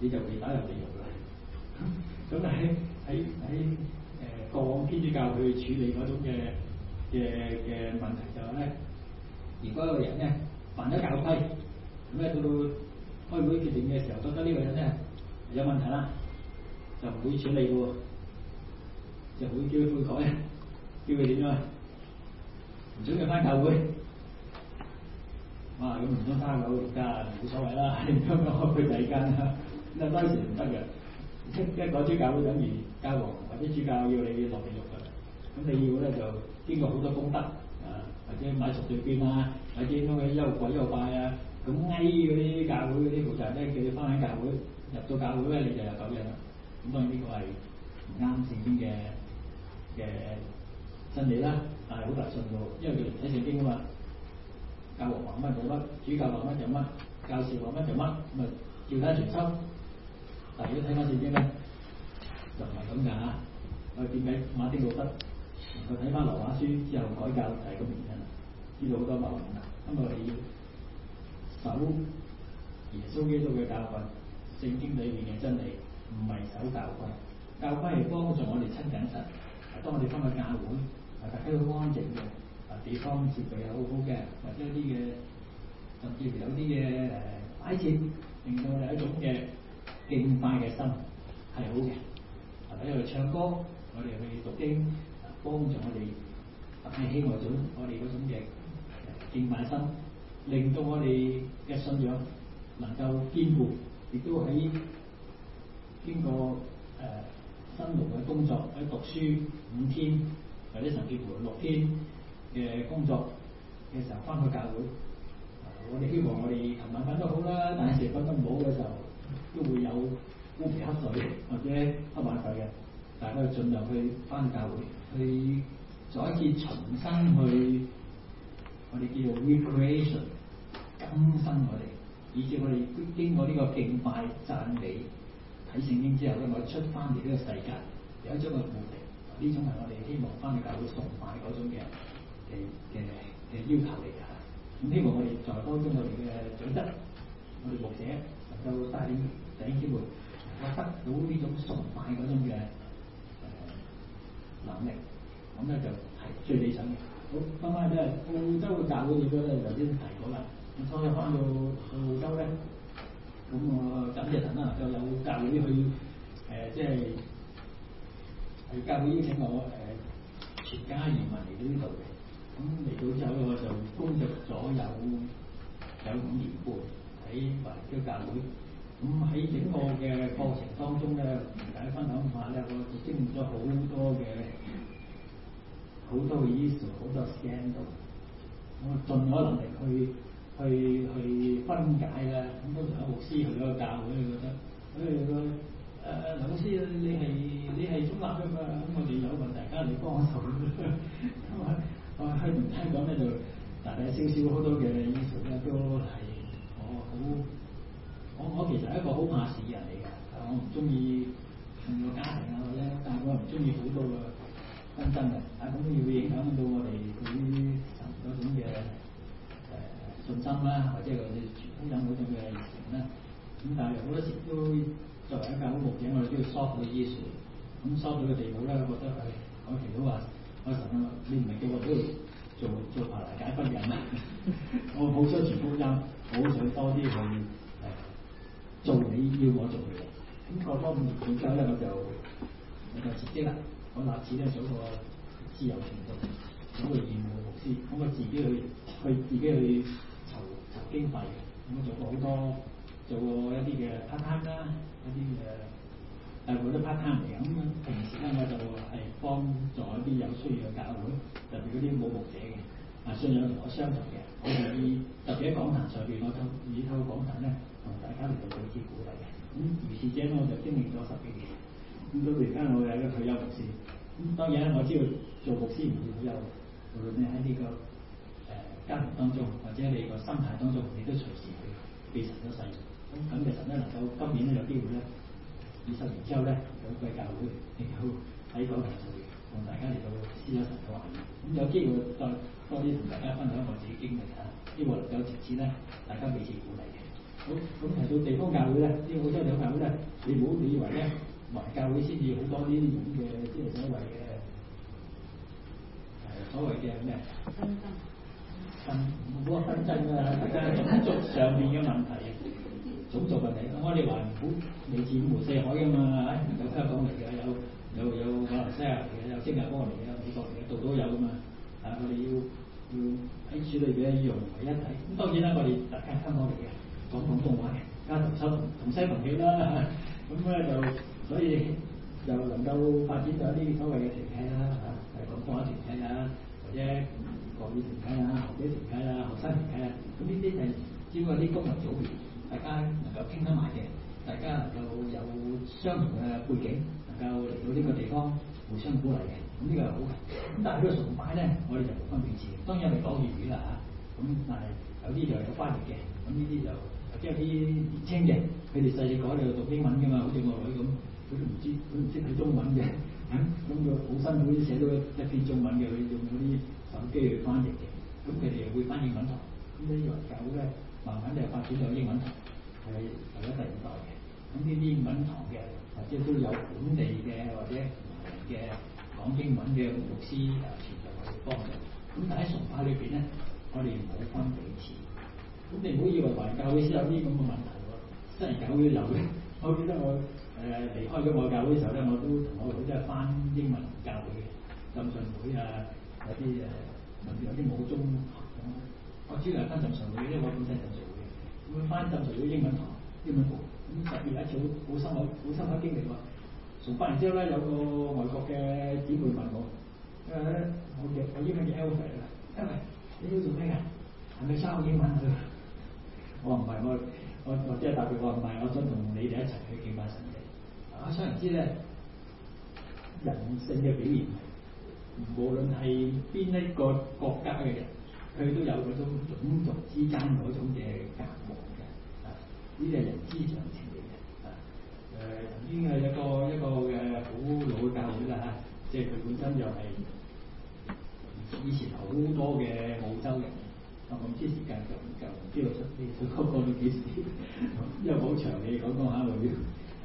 Speaker 1: 你就被打入地獄啦。咁 但係喺喺誒過往天主教會處理嗰種嘅嘅嘅問題，就係咧，如果一個人咧犯咗教規，咁咧到到開會決定嘅時候，覺得呢個人真有問題啦，就唔會處理嘅喎，就會叫佢悔改，叫佢點啊？唔準佢翻教會，咁唔通打狗㗎？冇所謂啦，唔通開佢第二間啊？那當時唔得嘅，一一個教會等於教皇，或者主教要你落地獄嘅，咁你要咧就經過好多功德啊，
Speaker 2: 或者買贖罪券啊，買啲咁嘅又跪又拜啊，咁翳嗰啲教會嗰啲負責人咧，叫你翻去教會。入到教會咧，你就係咁樣啦。咁
Speaker 1: 當然呢個係唔啱聖經嘅嘅真理啦，但係好迷信到，因為佢唔睇聖經噶嘛，教皇話乜就乜，主教話乜就乜，教士話乜就乜，咁啊照單全收。但係如果睇翻聖經咧，就唔係咁㗎嚇。我點解馬丁路德佢睇翻羅馬書之後改教就係咁原因，知道好多矛盾啦。因為佢要守耶穌基督嘅教訓。聖經裏面嘅真理唔係守教規，教規係幫助我哋親近神。當我哋翻去教會，啊，大家好安靜嘅，
Speaker 2: 啊，地方設備係好好嘅，或者啲嘅甚至乎有啲嘅
Speaker 1: 誒擺設，令到我們有一種嘅敬拜嘅心係好嘅。啊，喺度唱歌，我哋去讀經，幫助我哋
Speaker 2: 特別喜愛咗我哋嗰種嘅敬拜心，令到我哋嘅信
Speaker 1: 仰能夠堅固。亦都喺經過誒、呃、辛勞嘅工作，喺讀書五天或者甚至乎六天嘅工作嘅時候，翻去教會，呃、我哋希望我哋琴晚瞓得好啦，但係成日瞓得唔好嘅時候都會有烏皮黑水或者黑眼水嘅，大家盡量去翻教會，去再一次重新去我哋叫做 recreation 更新我哋。以致我哋經過呢個敬拜讚美睇聖經之後咧，我出翻嚟呢個世界，有一種嘅目的，呢種係我哋希望翻去教會崇拜嗰種嘅
Speaker 2: 嘅嘅嘅要求嚟嘅。咁希望我哋在當中我哋嘅長執，
Speaker 1: 我哋牧者能夠帶點第一機會，我得到呢種崇拜嗰種嘅呃、能力，咁咧就係最理想嘅。好，今晚真係澳洲嘅教會亦都咧，頭先提過啦。所以翻到去澳洲咧，咁我感謝神啦，就有教會去誒、呃，即係教會邀請我誒全、呃、家移民嚟呢度嘅。
Speaker 2: 咁嚟到之後咧，我就工作咗有
Speaker 1: 有五年半喺華人教會。咁喺整個嘅過程當中咧，同大家分享下咧，我亦經歷咗好多嘅好多 issue，好多 scandal，我盡可能力去。去去分解啦，咁通同阿牧師去咗個教會，咁你覺得？咁啊、呃呃、老師你係你係中立嘅嘛？咁我哋有一個大家嚟幫手咁樣，因為我係唔聽講咧，就大大少少好多嘅因素咧，都係我好，我我，我其實係一個好怕事人嚟嘅，但我唔中意同個家庭啊嗰但我唔中意好多嘅紛爭嘅，啊咁都要影響到我哋嗰啲嗰種嘅。信心啦，或者係嗰啲傳福音嗰種嘅事情啦。咁但係好多時都作為一個牧者嘅，我哋都要 soft 佢嘅 issue
Speaker 2: 咁 soft 佢嘅地步咧，我覺得係我其實都話開神啊！你唔係叫我都
Speaker 1: 做做，做，做排解分人啊！ 我好想傳福音，好想多啲去誒做你要我做嘅嘢。咁各方面，然之後咧，我就我就辭職啦。咁嗱，只係想個自由程度，想去義務牧師，咁我自己去去自己去。
Speaker 2: 經費，咁我做過好多，做過一啲嘅 part time 啦，一啲嘅誒好多 part time 嚟，咁平時咧，我就係幫助一啲有需要嘅教會，特別嗰啲冇牧者嘅，啊信仰同我相同嘅，我哋特別喺講壇上邊，我就以透
Speaker 1: 過講壇咧同大家嚟到彼此鼓勵嘅，咁如是者我就經歷咗十幾年，咁到而家我係一個退休牧師，咁當然咧我知道做牧師唔退休，無論你喺呢個。家庭當中，或者你個心態當中，你都隨時去備受咗世。咁咁其實咧，能夠今年咧有機會咧，
Speaker 2: 二十年之後咧，有個教會亦都喺嗰度同大家嚟到思咗神嘅話咁有機會再多啲同大家分享我自己經歷啊！因能夠直接咧，大家彼此鼓勵嘅。
Speaker 1: 好咁提到地方教會咧，呢個好多地方教會咧，你唔好以為咧，埋教會先至好多呢啲咁嘅，即係所謂嘅誒、嗯、所謂嘅
Speaker 2: 咩？嗯唔好話紛爭啊，大家種族上面嘅問題，種族問題。我哋華人好來自五湖四海噶嘛，嚇，有香港嚟嘅，有有有馬來西亞嚟嘅，有新加坡嚟嘅，美國嚟嘅，度度都有噶嘛。啊，我哋要要喺書裏邊融為一體。咁當然啦，我哋大家香港嚟嘅，講
Speaker 1: 廣東話嘅，加同親同西同氣啦。咁咧就所以又能夠發展咗啲所謂嘅團體啦，嚇，係廣東話團體啊，或者～國語團體啦，學者團體啦，學生團體啦，咁呢啲係主要係啲功能組別，大家能夠傾得埋嘅，大家能夠有相同嘅背景，能夠嚟到呢個地方互相鼓勵嘅，咁呢個係好嘅。咁但係呢個崇拜咧，我哋就冇分對錯。當然我哋講粵語啦吓，咁但係有啲就，關就有翻譯嘅，咁呢啲就即係啲年輕嘅，佢哋細細個度讀英文嘅嘛，好似我女咁，佢都唔知佢唔識睇中文嘅，嚇、嗯，咁佢好辛苦寫到一篇中文嘅，佢用嗰啲。手機去翻譯嘅，咁佢哋會翻譯英文堂，咁呢啲華人教會咧，慢慢就發展到英文堂，係第一第二代嘅。咁呢啲英文堂嘅，或者都有本地嘅或者唔同嘅講英文嘅牧師啊存在去幫助。咁但喺崇拜裏邊咧，我哋唔冇分彼此。咁你唔好以為華人教會先有啲咁嘅問題喎，新
Speaker 2: 人教會有咧、嗯。我記得我誒、呃、離開咗我教會嘅時候咧，我都同我哋都係翻英文教會嘅浸信會啊。有啲誒，有啲有啲冇中
Speaker 1: 學，我知嚟翻集常嘅，因為我本身就做嘅，咁翻集做咗英文堂，英文部，咁十年一次好好深好深刻經歷㗎。從翻完之後咧，有個外國嘅姊妹問我：，誒、啊，我嘅我英文嘅 elfie 啊，因你要做咩㗎？係咪教英文㗎？我唔係我，我我即係答佢，我唔係，我想同你哋一齊去見翻世面。啊，雖然知咧人性嘅表現。無論係邊一個國家嘅人，佢都有嗰種種族之間嗰種嘅隔膜嘅。啊，呢啲係人之常情嚟嘅。啊，
Speaker 2: 誒，呢個一個
Speaker 1: 一個嘅好老嘅教會啦嚇，即係佢本身就係以前好多嘅澳洲人。啊，就我唔知時間夠唔夠，唔知道出呢個講到幾時，因為好長，你講講下嚟。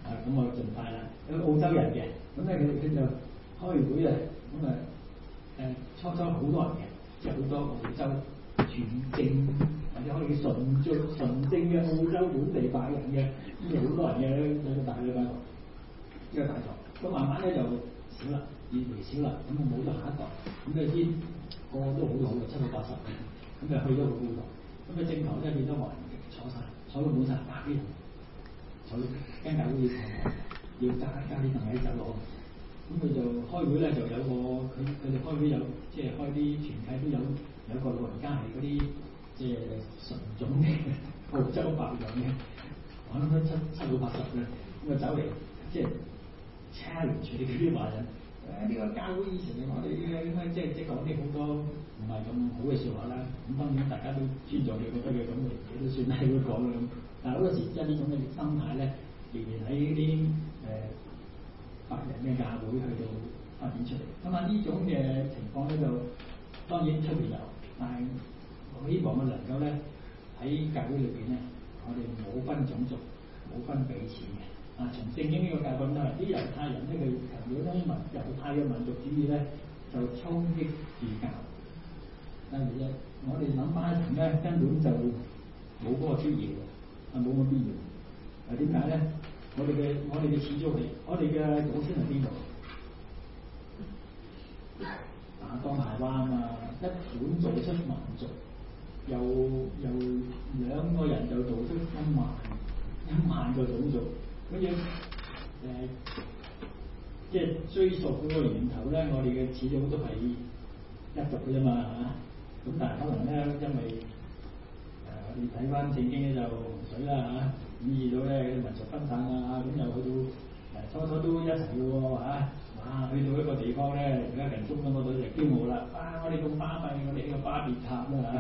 Speaker 1: 啊，咁我盡快啦。係澳洲人嘅，咁咧佢佢就開完會啊，咁啊～初初好多人嘅，即係好多澳洲全正，或者可以純正、純正嘅澳洲本地白人嘅，咁就好多人嘅去到大陸嘅，即係大堂。佢慢慢咧就少啦，越嚟少啦，咁就冇咗下一代，咁佢啲個個都好老嘅，七老八十嘅，咁就去咗好多度。咁、那、啊、個，正堂咧變咗還坐晒坐到冇曬大啲，創驚緊要要揸揸啲大啲走佬。咁佢就開會咧，就有個佢佢哋開會有，即係開啲團體都有有一個老人家係嗰啲即係純種嘅澳洲白人嘅，講得七七老八十嘅，咁啊走嚟即係 challenge 啲華人誒，呢個教會以前嘅話，應該應該即係即係講啲好多唔係咁好嘅説話啦。咁當然大家都尊重你覺得嘅，咁你都算係會講嘅。但係好多時真係咁嘅心態咧，仍然喺呢啲誒。連連人嘅教會去到發展出嚟，咁啊呢種嘅情況咧就當然出面有，但係我希望我能夠咧喺教會裏邊咧，我哋冇分種族，冇分彼此嘅。啊，從正經呢個教訓啦，啲猶太人咧佢強烈嗰啲民猶太嘅民族主義咧就衝擊自教。但如咧，我哋諗翻一陣咧，根本就冇嗰個需要嘅，係冇咁必要。係點解咧？我哋嘅我哋嘅始祖係，我哋嘅祖先係邊度？啊，江夏灣啊，一本造出萬族，又又兩個人就造出一萬，一萬個種族。乜嘢？誒、呃，即係追溯嗰個源頭咧，我哋嘅始祖都係一族嘅啫嘛，嚇。咁但係可能咧，因為誒，我哋睇翻正經就水啦，嚇。咁而到咧，民族分散啊，咁又去到誒初初都一齊嘅喎啊，去到一個地方咧，而家人族咁多就驕傲啦，啊！我哋個巴閉，我哋個巴別塔啦嚇，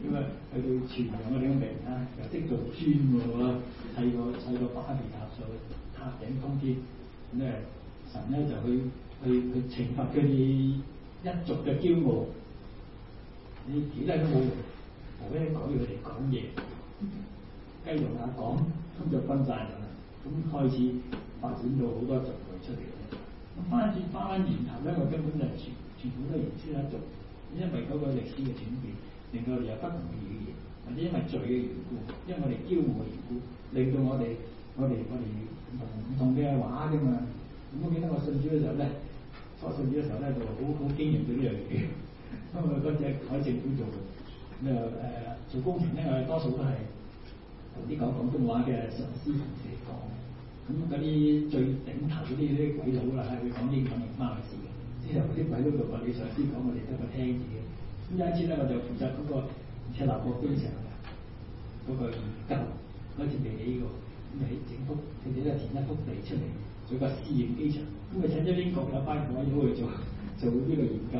Speaker 1: 咁啊 去到全羊我哋都明啊，又識做磚喎，砌個砌個巴別塔上去，塔頂通天，咁、啊、誒神咧就去去去懲罰佢哋一族嘅驕傲，你點解都冇用，無非講住佢哋講嘢。繼續下講，咁就分散咗啦。咁開始發展到好多族羣出嚟。咁翻轉翻言談咧，我根本就全全部都原先一族，因為嗰個歷史嘅轉變，令到我哋有不同嘅語言，或者因為罪嘅緣故，因為我哋驕傲嘅緣故，令到我哋我哋我哋唔同嘅話啫嘛。咁我記得我信主嘅時候咧，初信主嘅時候咧，就好好經營咗呢樣嘢，因為嗰隻海政府做咁、呃、做工程咧，我哋多數都係。啲講廣東話嘅上司同事嚟講，咁嗰啲最頂頭啲啲鬼佬啦，係會講啲咁嘅花事。之後啲鬼佬就度話：你上司講我哋，我哋得個聽字嘅。咁有一次咧，我就負責嗰個赤鱲角機場嗰個吉運嗰條地嘅，咁、那、喺、個這個那個、整幅佢哋都度填一幅地出嚟，做個試驗機場。咁佢請咗英國外班講嘢去做做呢個研究。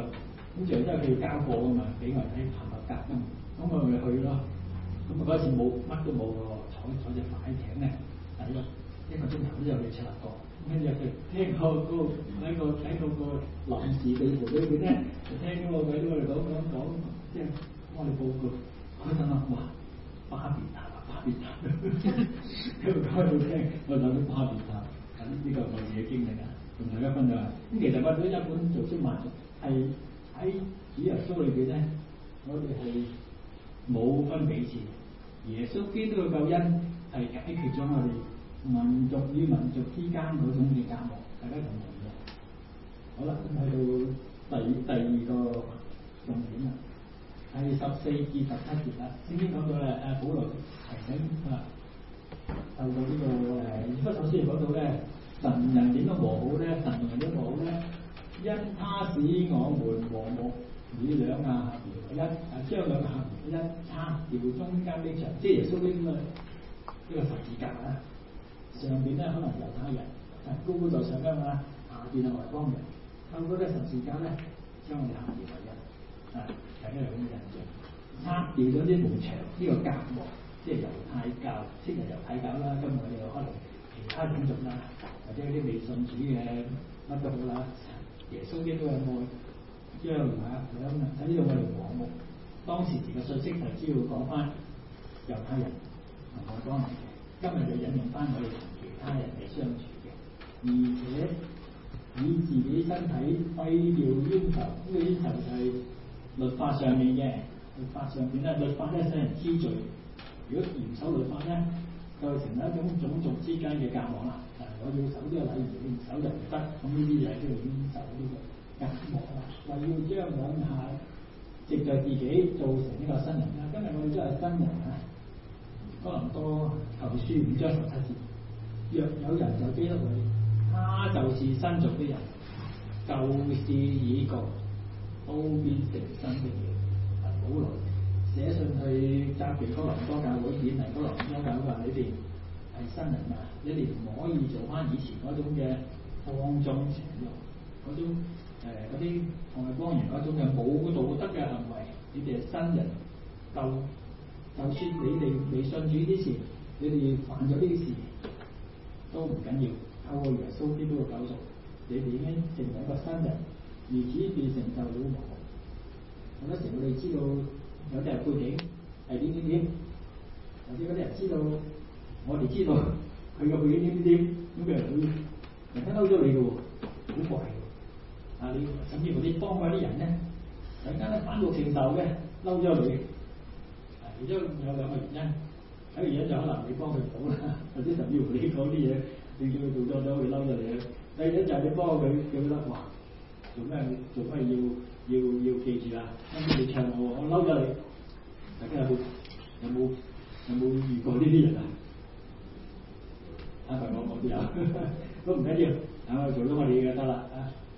Speaker 1: 咁就因為佢要交貨㗎嘛，幾萬喺彭立吉啊，咁我咪去咯。嗰陣 時冇乜都冇喎，坐坐隻快艇咧，第一一個鐘頭咁，之後去赤鱲角，跟住佢聽過嗰個聽過聽過個臨時嘅媒體佢聽，聽嗰個鬼佬嚟講講講，即係我哋報告。佢就話、是：，話巴別塔，巴比塔，佢講俾我聽。我就諗巴比塔，咁、這、呢個個嘅經歷啊，同大家分享。咁 其實我哋一本讀書文係喺紙入書裏邊咧，我哋係冇分幾次。耶穌基督嘅救恩係解決咗我哋民族與民族之間嗰種嘅隔膜，大家同意唔同意？好啦，咁去到第第二個重點啊，係十四至十七節啦。先先講到誒、這個，阿保羅提醒啊，透過呢個誒，不過首先講到咧，神人點樣和好咧，神人都和好咧，因他使我們和睦。你兩啊，一啊將兩行一叉掉中間呢牆，即係耶穌呢咁嘅一個十字架啊。上邊咧可能猶太人啊高高在上㗎嘛，下邊係外邦人。咁嗰啲十字架咧將我哋行為一，大家有咁嘅印象。叉掉咗啲門牆呢個隔膜，即係猶太教昔日猶太教啦，咁我哋可能其他種族啦，或者啲未信主嘅乜都好啦，耶穌亦都係愛。將啊，啊，喺呢度我哋講嘅，當時嘅信息係只要講翻猶太人同我講，今日就引用翻我哋同其他人嘅相處嘅，而且以自己身體廢料要求呢啲，就係律法上面嘅，律法上面咧，律法咧使人知罪。如果嚴守律法咧，就成為一種種族之間嘅隔膜啦。我哋要守呢個禮儀，你唔守就唔得，咁呢啲嘢都要遵守呢隔膜要將兩派藉著自己造成呢個新人啦。今日我哋真係新人啊！哥林多舊書五章十七節，若有人在基督裏，他就是新造的人，舊事已舊，都變成新的嘢。好啦，寫信去責備哥林多教會，勉勵哥林多教會面：你哋係新人啊！你哋唔可以做翻以前嗰種嘅放縱情慾，嗰種。誒啲同埋光源嗰種嘅冇道德嘅行為，你哋係新人，就就算你哋未信主之前，你哋犯咗呢啲事都唔緊要，透過耶穌基督嘅救贖，你哋已經成為一個新人，如此變成救主王。咁一時候我哋知道有啲人背景係點點點，或者啲人知道我哋知道佢嘅背景點點點，咁佢又會係偷咗你嘅喎，好怪。啊！甚至乎啲幫佢啲人咧，突然間都反目成仇嘅，嬲咗你。其中有兩個原因。第一樣就可能你幫佢補啦，或者甚至乎你講啲嘢，你叫佢做咗咗，佢嬲咗你。第二樣就係你幫佢，叫佢話做咩做咩要要要記住啦。跟住你唱我我嬲咗你，大家有冇有冇有冇遇過呢啲人啊？啊，我我都有，都唔緊要，等啊，做咗我哋嘅得啦。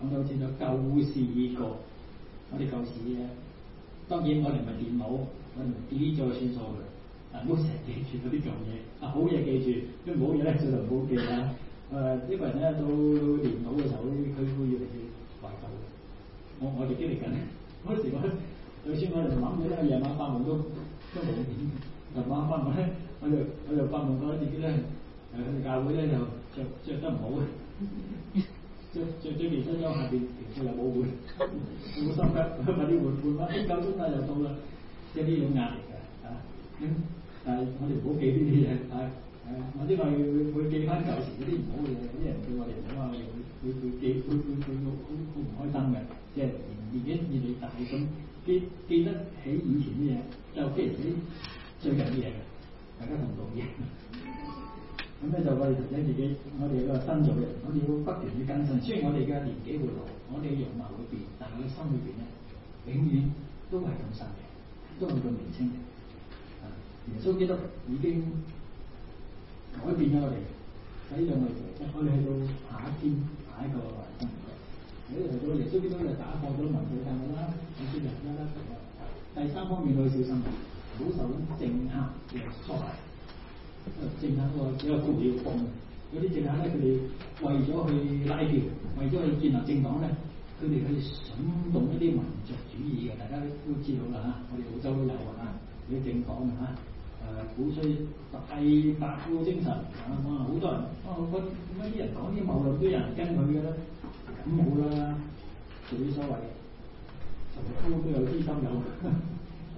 Speaker 1: 講到轉就舊時個，
Speaker 2: 我哋舊事嘅。當然我哋唔係電腦，我哋記咗個算數嘅，啊唔好成日記住嗰啲舊嘢，
Speaker 1: 啊好嘢記住，啲冇嘢咧就就唔好記啦、啊。誒、呃，這個、人呢份咧到電腦嘅時候，佢會要你去懷舊嘅。我我哋經歷緊，嗰時算我有時我哋諗住咧，夜晚發夢都
Speaker 2: 都冇點，夜晚翻去咧，我就我就發夢覺得自己咧佢哋教會咧就着著得唔好嘅。 最
Speaker 1: 最最件新衣，下邊其實又冇換，冇心急快啲換換翻，誒夠鐘啊就到啦，即係呢種壓力嘅嚇。咁、啊嗯、但係我哋唔好記呢啲嘢，係係我啲咪會會記翻舊時嗰啲唔好嘅嘢，啲人叫我哋唔好話，會會會記會會會好好唔開心嘅，即係年紀越嚟越大咁記記得起以前啲嘢，就記唔起最近啲嘢，大家同唔同意？咁咧就我哋提醒自己，我哋個新造人，我哋要不斷去更新。雖然我哋嘅年紀會老，我哋嘅容貌會變，但係個心裏邊咧，永遠都係咁新嘅，都係個年輕嘅。啊！耶穌基督已經改變咗我哋，呢樣係我哋去到下一天下一個嘅人生。呢到耶穌基督就打破咗文化界限啦，以色列啦。第三方面我要小心，唔好受政客嘅拖累。政客個一個高調嘅嗰啲政客咧，佢哋為咗去拉票，為咗去建立政黨咧，佢哋可以煽動一啲民族主義嘅，大家都都知道啦嚇，我哋澳洲都有啊，啲政黨嚇，誒鼓吹大白澳精神啊好多人啊，我覺得點解啲人講啲某類啲人跟佢嘅咧，咁好啦，冇所謂，什麼高官都有資深有，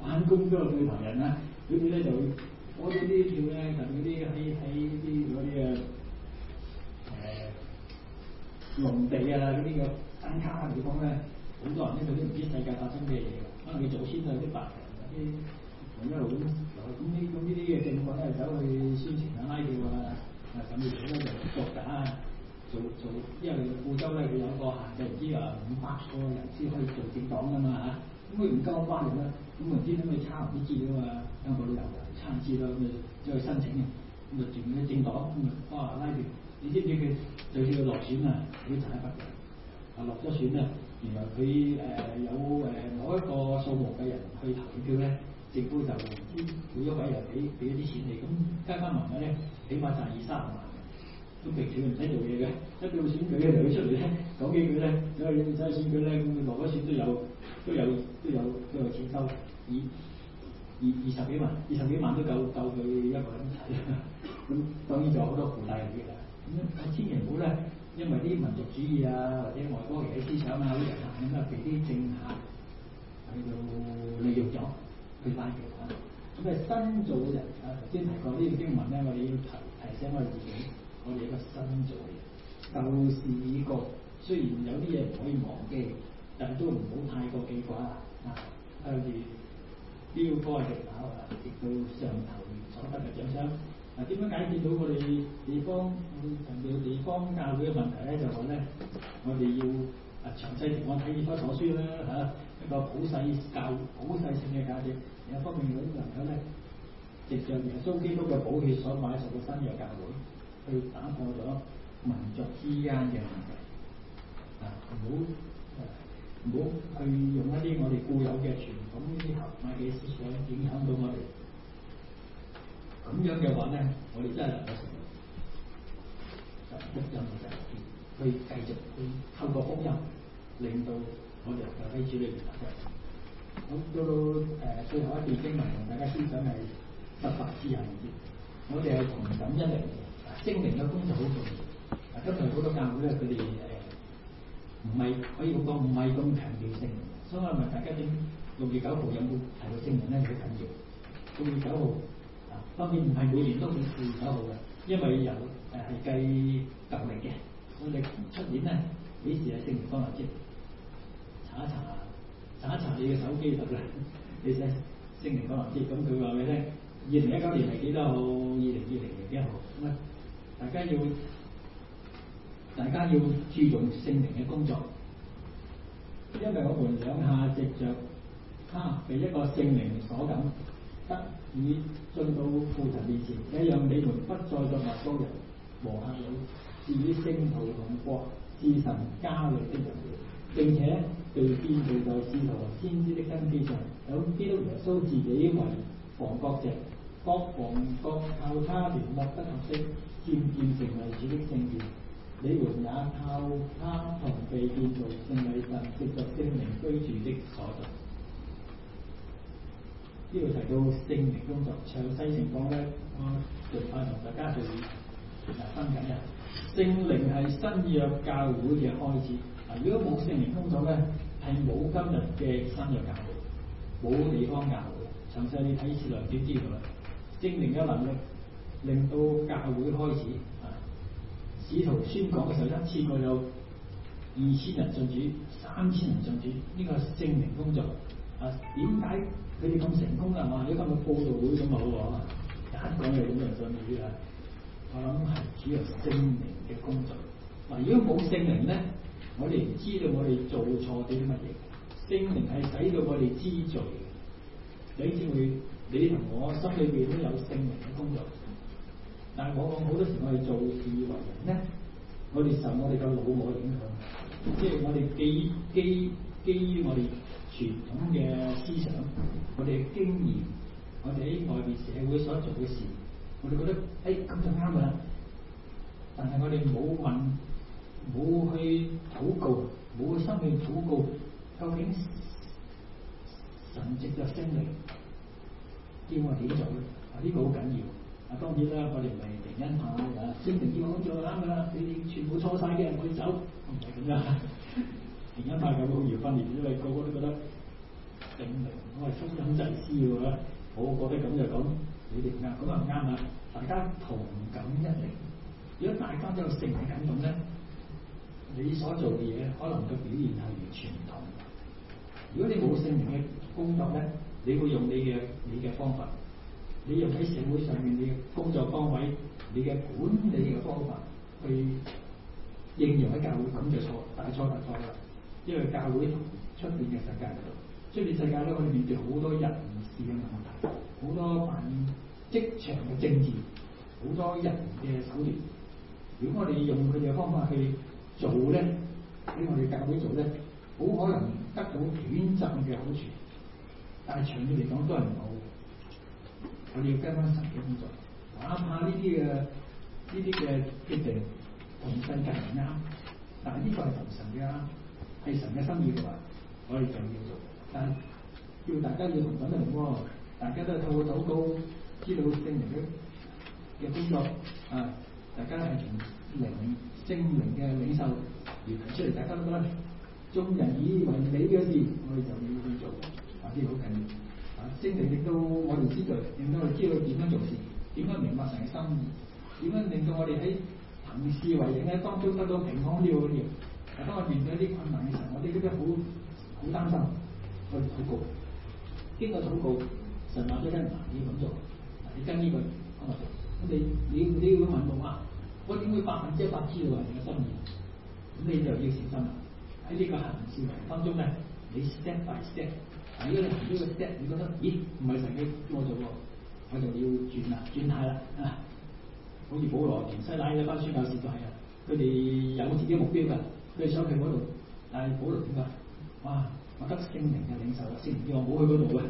Speaker 1: 玩功都係最殘人啊，佢哋咧就。嗰啲啲票咧，就嗰啲喺喺啲嗰啲嘅誒農地啊，嗰啲嘅山卡嘅地方咧，好多人咧佢都唔知世界發生咩嘢，可能佢祖先就啲白人嗰啲咁一路咁，呢咁呢啲嘅政府咧
Speaker 2: 走去宣
Speaker 1: 傳啊拉票啊咁樣咧就作假啊，做做，因為固州咧佢有一個限制，唔知啊五百個人先可以做政黨噶嘛嚇，咁佢唔交翻嚟咩？咁唔知點解差唔多資料嘛？香港都有抄知啦。咁就走去申請，咁啊，轉有政黨，咁啊，拉住。你知唔知佢就算佢落選啊，都賺一筆。
Speaker 2: 啊，落咗選啊，原來佢誒、呃、有誒某、呃、一個數目嘅人去投票咧，政府就每一位又俾俾一啲錢你，咁加翻埋咧，起碼賺二三十萬。都平時唔使做嘢嘅，一到選舉嘅時候出嚟咧，
Speaker 1: 講幾句咧，走去走去選舉咧，咁落咗錢都有，都有都有都有錢收，以二二二十幾萬，二十幾萬都夠夠佢一個人睇啦。咁當然仲有好多附帶嘅啦。咁千祈唔好咧，因為啲民族主義啊，或者外國嘅思想啊，好弱啊，咁啊俾啲政客喺度利用咗去拉票。咁啊，新做嘅人啊，頭先提過呢條經文咧，我哋要提提醒我哋自己。我哋、這個新造舊事已過，雖然有啲嘢唔可以忘記，但都唔好太過記掛啊！向住標竿嘅頭啊，直、啊、到、啊、上頭，所得嘅獎賞。嗱、啊，點樣解決到我哋地方同到、嗯、地方教會嘅問題咧？就話咧，我哋要啊詳細地睇《以弗所書》所書啦嚇，一個普世教普世性嘅價值。另一方面呢，我哋能夠咧藉著耶穌基督嘅寶血所買受嘅新約教會。去打破咗民族之間嘅
Speaker 2: 問
Speaker 1: 題，啊！唔好唔好去用一啲我哋固有嘅傳統啲合嘅思想，影響到我哋
Speaker 2: 咁樣嘅
Speaker 1: 話咧，我哋真係能夠成到一任就去繼續去透過福音，令到我哋嘅 A.G. 嚟嘅。咁到到誒最後一段經文，同大家先想係不法之人。我哋係同等一樣聖靈嘅工作好重要。嗱，今日好多教會咧，佢哋誒唔係可以講唔係咁強調性，所以我問大家：點六月九號有冇提到聖靈咧？要緊要。六月九號啊，當然唔係每年都四月九號嘅，因為有誒係計特例嘅。我哋出年咧，幾時係聖靈光臨節？查一查，查一查你嘅手機度啦。你睇聖靈光臨節，咁佢話畀你聽，二零一九年係幾多號？二零二零年幾號？乜？大家要，大家要注重聖靈嘅工作，因為我們兩下藉着，他、啊、被一個聖靈所感得以進到父神面前，一樣你們不再作外邦人和客旅，自己聖徒同國至神家裏的人，並且被建造在使徒先知的根基上。有基督耶穌自己為房角石，各房各靠他聯絡得合適。漸漸成為主的聖殿，你們也靠他同被建造聖禮份，藉着聖靈居住的所在。呢度提到聖靈工作，詳細情況咧，我、啊、盡快同大家去分享。嘅。聖靈係新約教會嘅開始。嗱，如果冇聖靈工作咧，係冇今日嘅新約教會，冇地方教會。詳細你睇次來點知道啦。聖靈嘅能力，令到教會開始，使徒宣講嘅時候，一次過有二千人信主，三千人信主，呢、這個係聖靈工作。啊，點解佢哋咁成功㗎、啊？我而家咁嘅佈道會都好喎，難講係幾多人信主啊！我諗係主要聖靈嘅工作。嗱、啊，如果冇聖靈咧，我哋唔知道我哋做錯啲乜嘢。聖靈係使到我哋知罪，你先會你同我心裏邊都有聖靈嘅工作。但係我講好多時候我，我哋做事為人咧，我哋受我哋個腦部影響，即係我哋基基基於我哋傳統嘅思想，我哋嘅經驗，我哋喺外面社會所做嘅事，我哋覺得誒咁就啱噶啦。Hey, 但係我哋冇問，冇去禱告，冇心去禱告，究竟神藉著聖靈叫我點做咧？啊，呢個好緊要。啊，當然啦，我哋唔係靈恩派，聖靈叫我咁做就啱啦。你哋全部錯晒嘅，我哋走，唔係咁樣。靈恩派咁好易分裂，因為個個都覺得聖靈我係風飲濟師喎，我覺得咁就咁，你點啊？咁啊唔啱啦！大家同感一靈，如果大家都有聖靈感動咧，你所做嘅嘢可能嘅表現係完全唔同的。如果你冇聖靈嘅功德咧，你會用你嘅你嘅方法，你用喺社會上面你嘅工作崗位，你嘅管理嘅方法去應用喺教會咁就錯，大錯特錯啦，因為教會同出面嘅世界，出面世界咧可以面對好多人事嘅問題，好多辦職場嘅政治，好多人嘅手段。如果我哋用佢哋嘅方法去做咧，俾我哋教會做咧，好可能得到短期嘅好處，但係長遠嚟講都係唔好。我哋要跟翻神嘅工作，哪怕呢啲嘅呢啲嘅決定同世界唔啱，但係呢個係同神嘅，係神嘅心意嘅話，我哋就要做，但係要大家要同咁樣喎，大家都係透過禱告、知道證明嘅嘅工作啊，大家係從靈證明嘅領袖，壽現出嚟，大家都啦，眾人以為你嘅事，我哋就要去做，嗱啲好緊要。證明令到我哋知道，令到我哋知道點樣做事，點樣明白神嘅心意，點樣令到我哋喺行事為人咧當中得到平安呢喎啲嘢。但當我面對一啲困難嘅時候，我哋都都好，好擔心，去禱告。
Speaker 2: 經
Speaker 1: 過禱告，神話都跟話以咁做，你跟呢句。咁啊，你你、啊、你，你，你會問我啊，我點會百分之一百知道人嘅心意？咁你就要小心啦。喺呢個行事為人當中咧，你 step by step？係呢個 step，你覺得咦？唔係成績多咗喎，我就要轉啦，轉態啦啊！好似保羅、同西拉呢班宣教士都係啊，佢哋有自己目標㗎，佢哋想去嗰度。但係保羅點解？哇！我得聖靈嘅領袖，啦，聖靈叫我冇去嗰度嘅，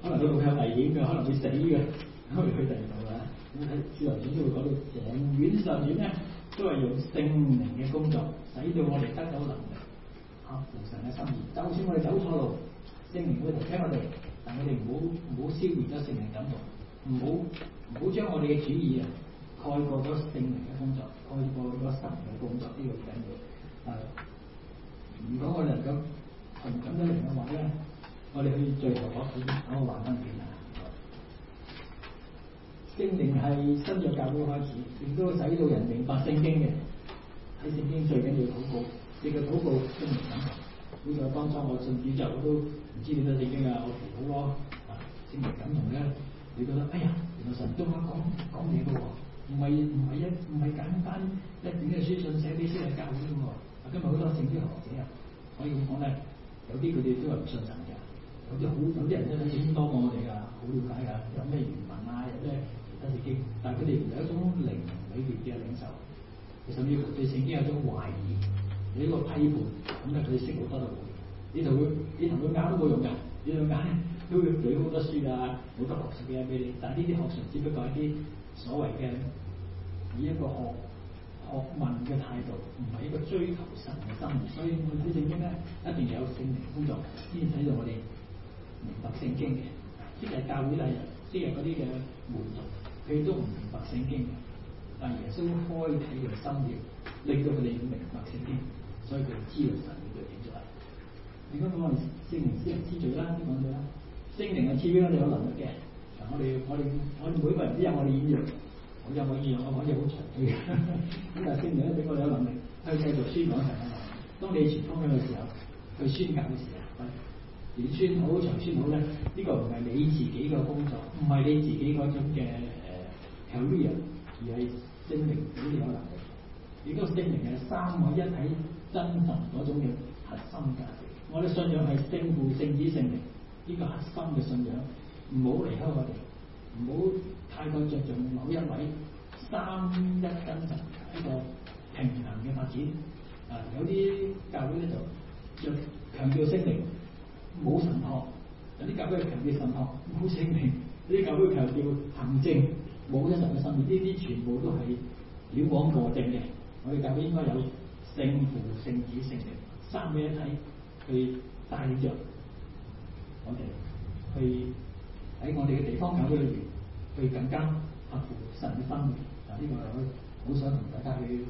Speaker 1: 可能嗰度有危險嘅，可能會死嘅、嗯，唔去第二度啦。咁喺主流點都會講到，永遠上面咧都係用聖靈嘅工作，使到我哋得到能力，服、啊、從神嘅心意。就算我哋走錯路。聖靈嗰度聽我哋，但係我哋唔好唔好消滅咗聖靈感動，唔好唔好將我哋嘅主意啊蓋過咗聖靈嘅工作，蓋過咗神嘅工作，呢個唔緊要。啊，如果我哋能夠同咁樣嚟嘅話咧，我哋可以最後嗰段等我幻燈片啊。聖靈係新約教會開始，亦都使到人明白聖經嘅。喺聖經最緊要禱告，你嘅禱告聖靈緊。好似當初我信主就都。唔知點解已經啊，我好美好咯，先嚟感同咧。你覺得哎呀，原來神都講講嘢嘅喎，唔係唔係一唔係簡單一點嘅書信寫俾先嚟教嘅喎，啊。今日好多聖經學者啊，可以咁講咧，有啲佢哋都係唔信神嘅，有啲好有啲人真係先多過我哋噶，好了解噶，有咩原文啊，有咩其他事蹟，但係佢哋有一種靈性裏面嘅領受，甚至對聖經有種懷疑，你有一個批判，咁咧佢識好多到。你就會，你同佢解都冇用噶。你同解都會舉好多書啊，好多學術嘅嘢俾你。但呢啲學術只不過係啲所謂嘅以一個學學問嘅態度，唔係一個追求神嘅生活。所以我啲聖經咧一定要有聖靈工作，先喺到我哋明白聖經嘅。啲係教會嚟人，啲人嗰啲嘅門徒，佢都唔明白聖經嘅。但耶穌開啟嘅心意，令到佢哋明白聖經，所以佢知道
Speaker 2: 神嘅存在。
Speaker 1: 如果我哋聖靈先先做啦，先講到啦。聖靈嘅俾你有能力嘅，嗱，我哋我哋我每個人都有我哋演揚，我有我演我可以好長啲嘅。咁就係聖靈咧，俾我哋有能力去繼續宣講係嘛？當你傳通佢嘅時候，去宣教嘅時候，點宣好長宣好咧？呢、這個唔係你自己嘅工作，唔係你自己嗰種嘅誒、uh, career，而係聖靈俾你有能力。亦都聖靈係三個一體真神嗰種嘅核心價我哋信仰係聖父、聖子、聖靈，呢個核心嘅信仰，唔好離開我哋，唔好太過着重某一位，三一真神呢個平衡嘅發展。啊，有啲教會咧就著強調聖靈，冇神學；有啲教會強調神學，冇聖靈；有啲教會強調行政，冇一神嘅信仰。呢啲全部都係矯枉過正嘅。我哋教會應該有聖父、聖子、聖靈三者一體。去帶着我哋去喺我哋嘅地方教會裏面，去更加合乎神嘅心意。呢個係我好想同大家去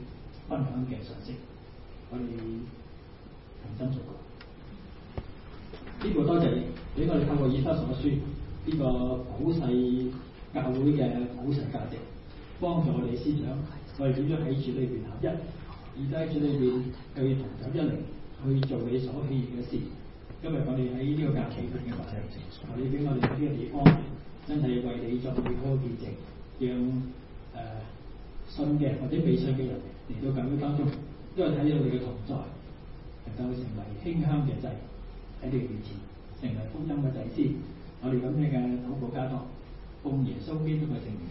Speaker 1: 分享嘅信息。我哋認真做過。呢個多謝你，俾我哋透過以弗所書，呢個普世教會嘅普世價值，幫助我哋思想。我哋點樣喺主裏面合一？而家喺主裏面又要同主一零。去做你所喜嘅事。今日我哋喺呢個假期，我哋俾我哋呢個地方真係為你作最好嘅見證，讓誒、呃、
Speaker 2: 信嘅或者未信嘅人嚟到咁樣當中，都係睇到你嘅同在，能夠成為馨香嘅祭喺你面前，成為福音嘅祭司。我哋有咩嘅禱告交託，奉耶穌基督嘅聖名。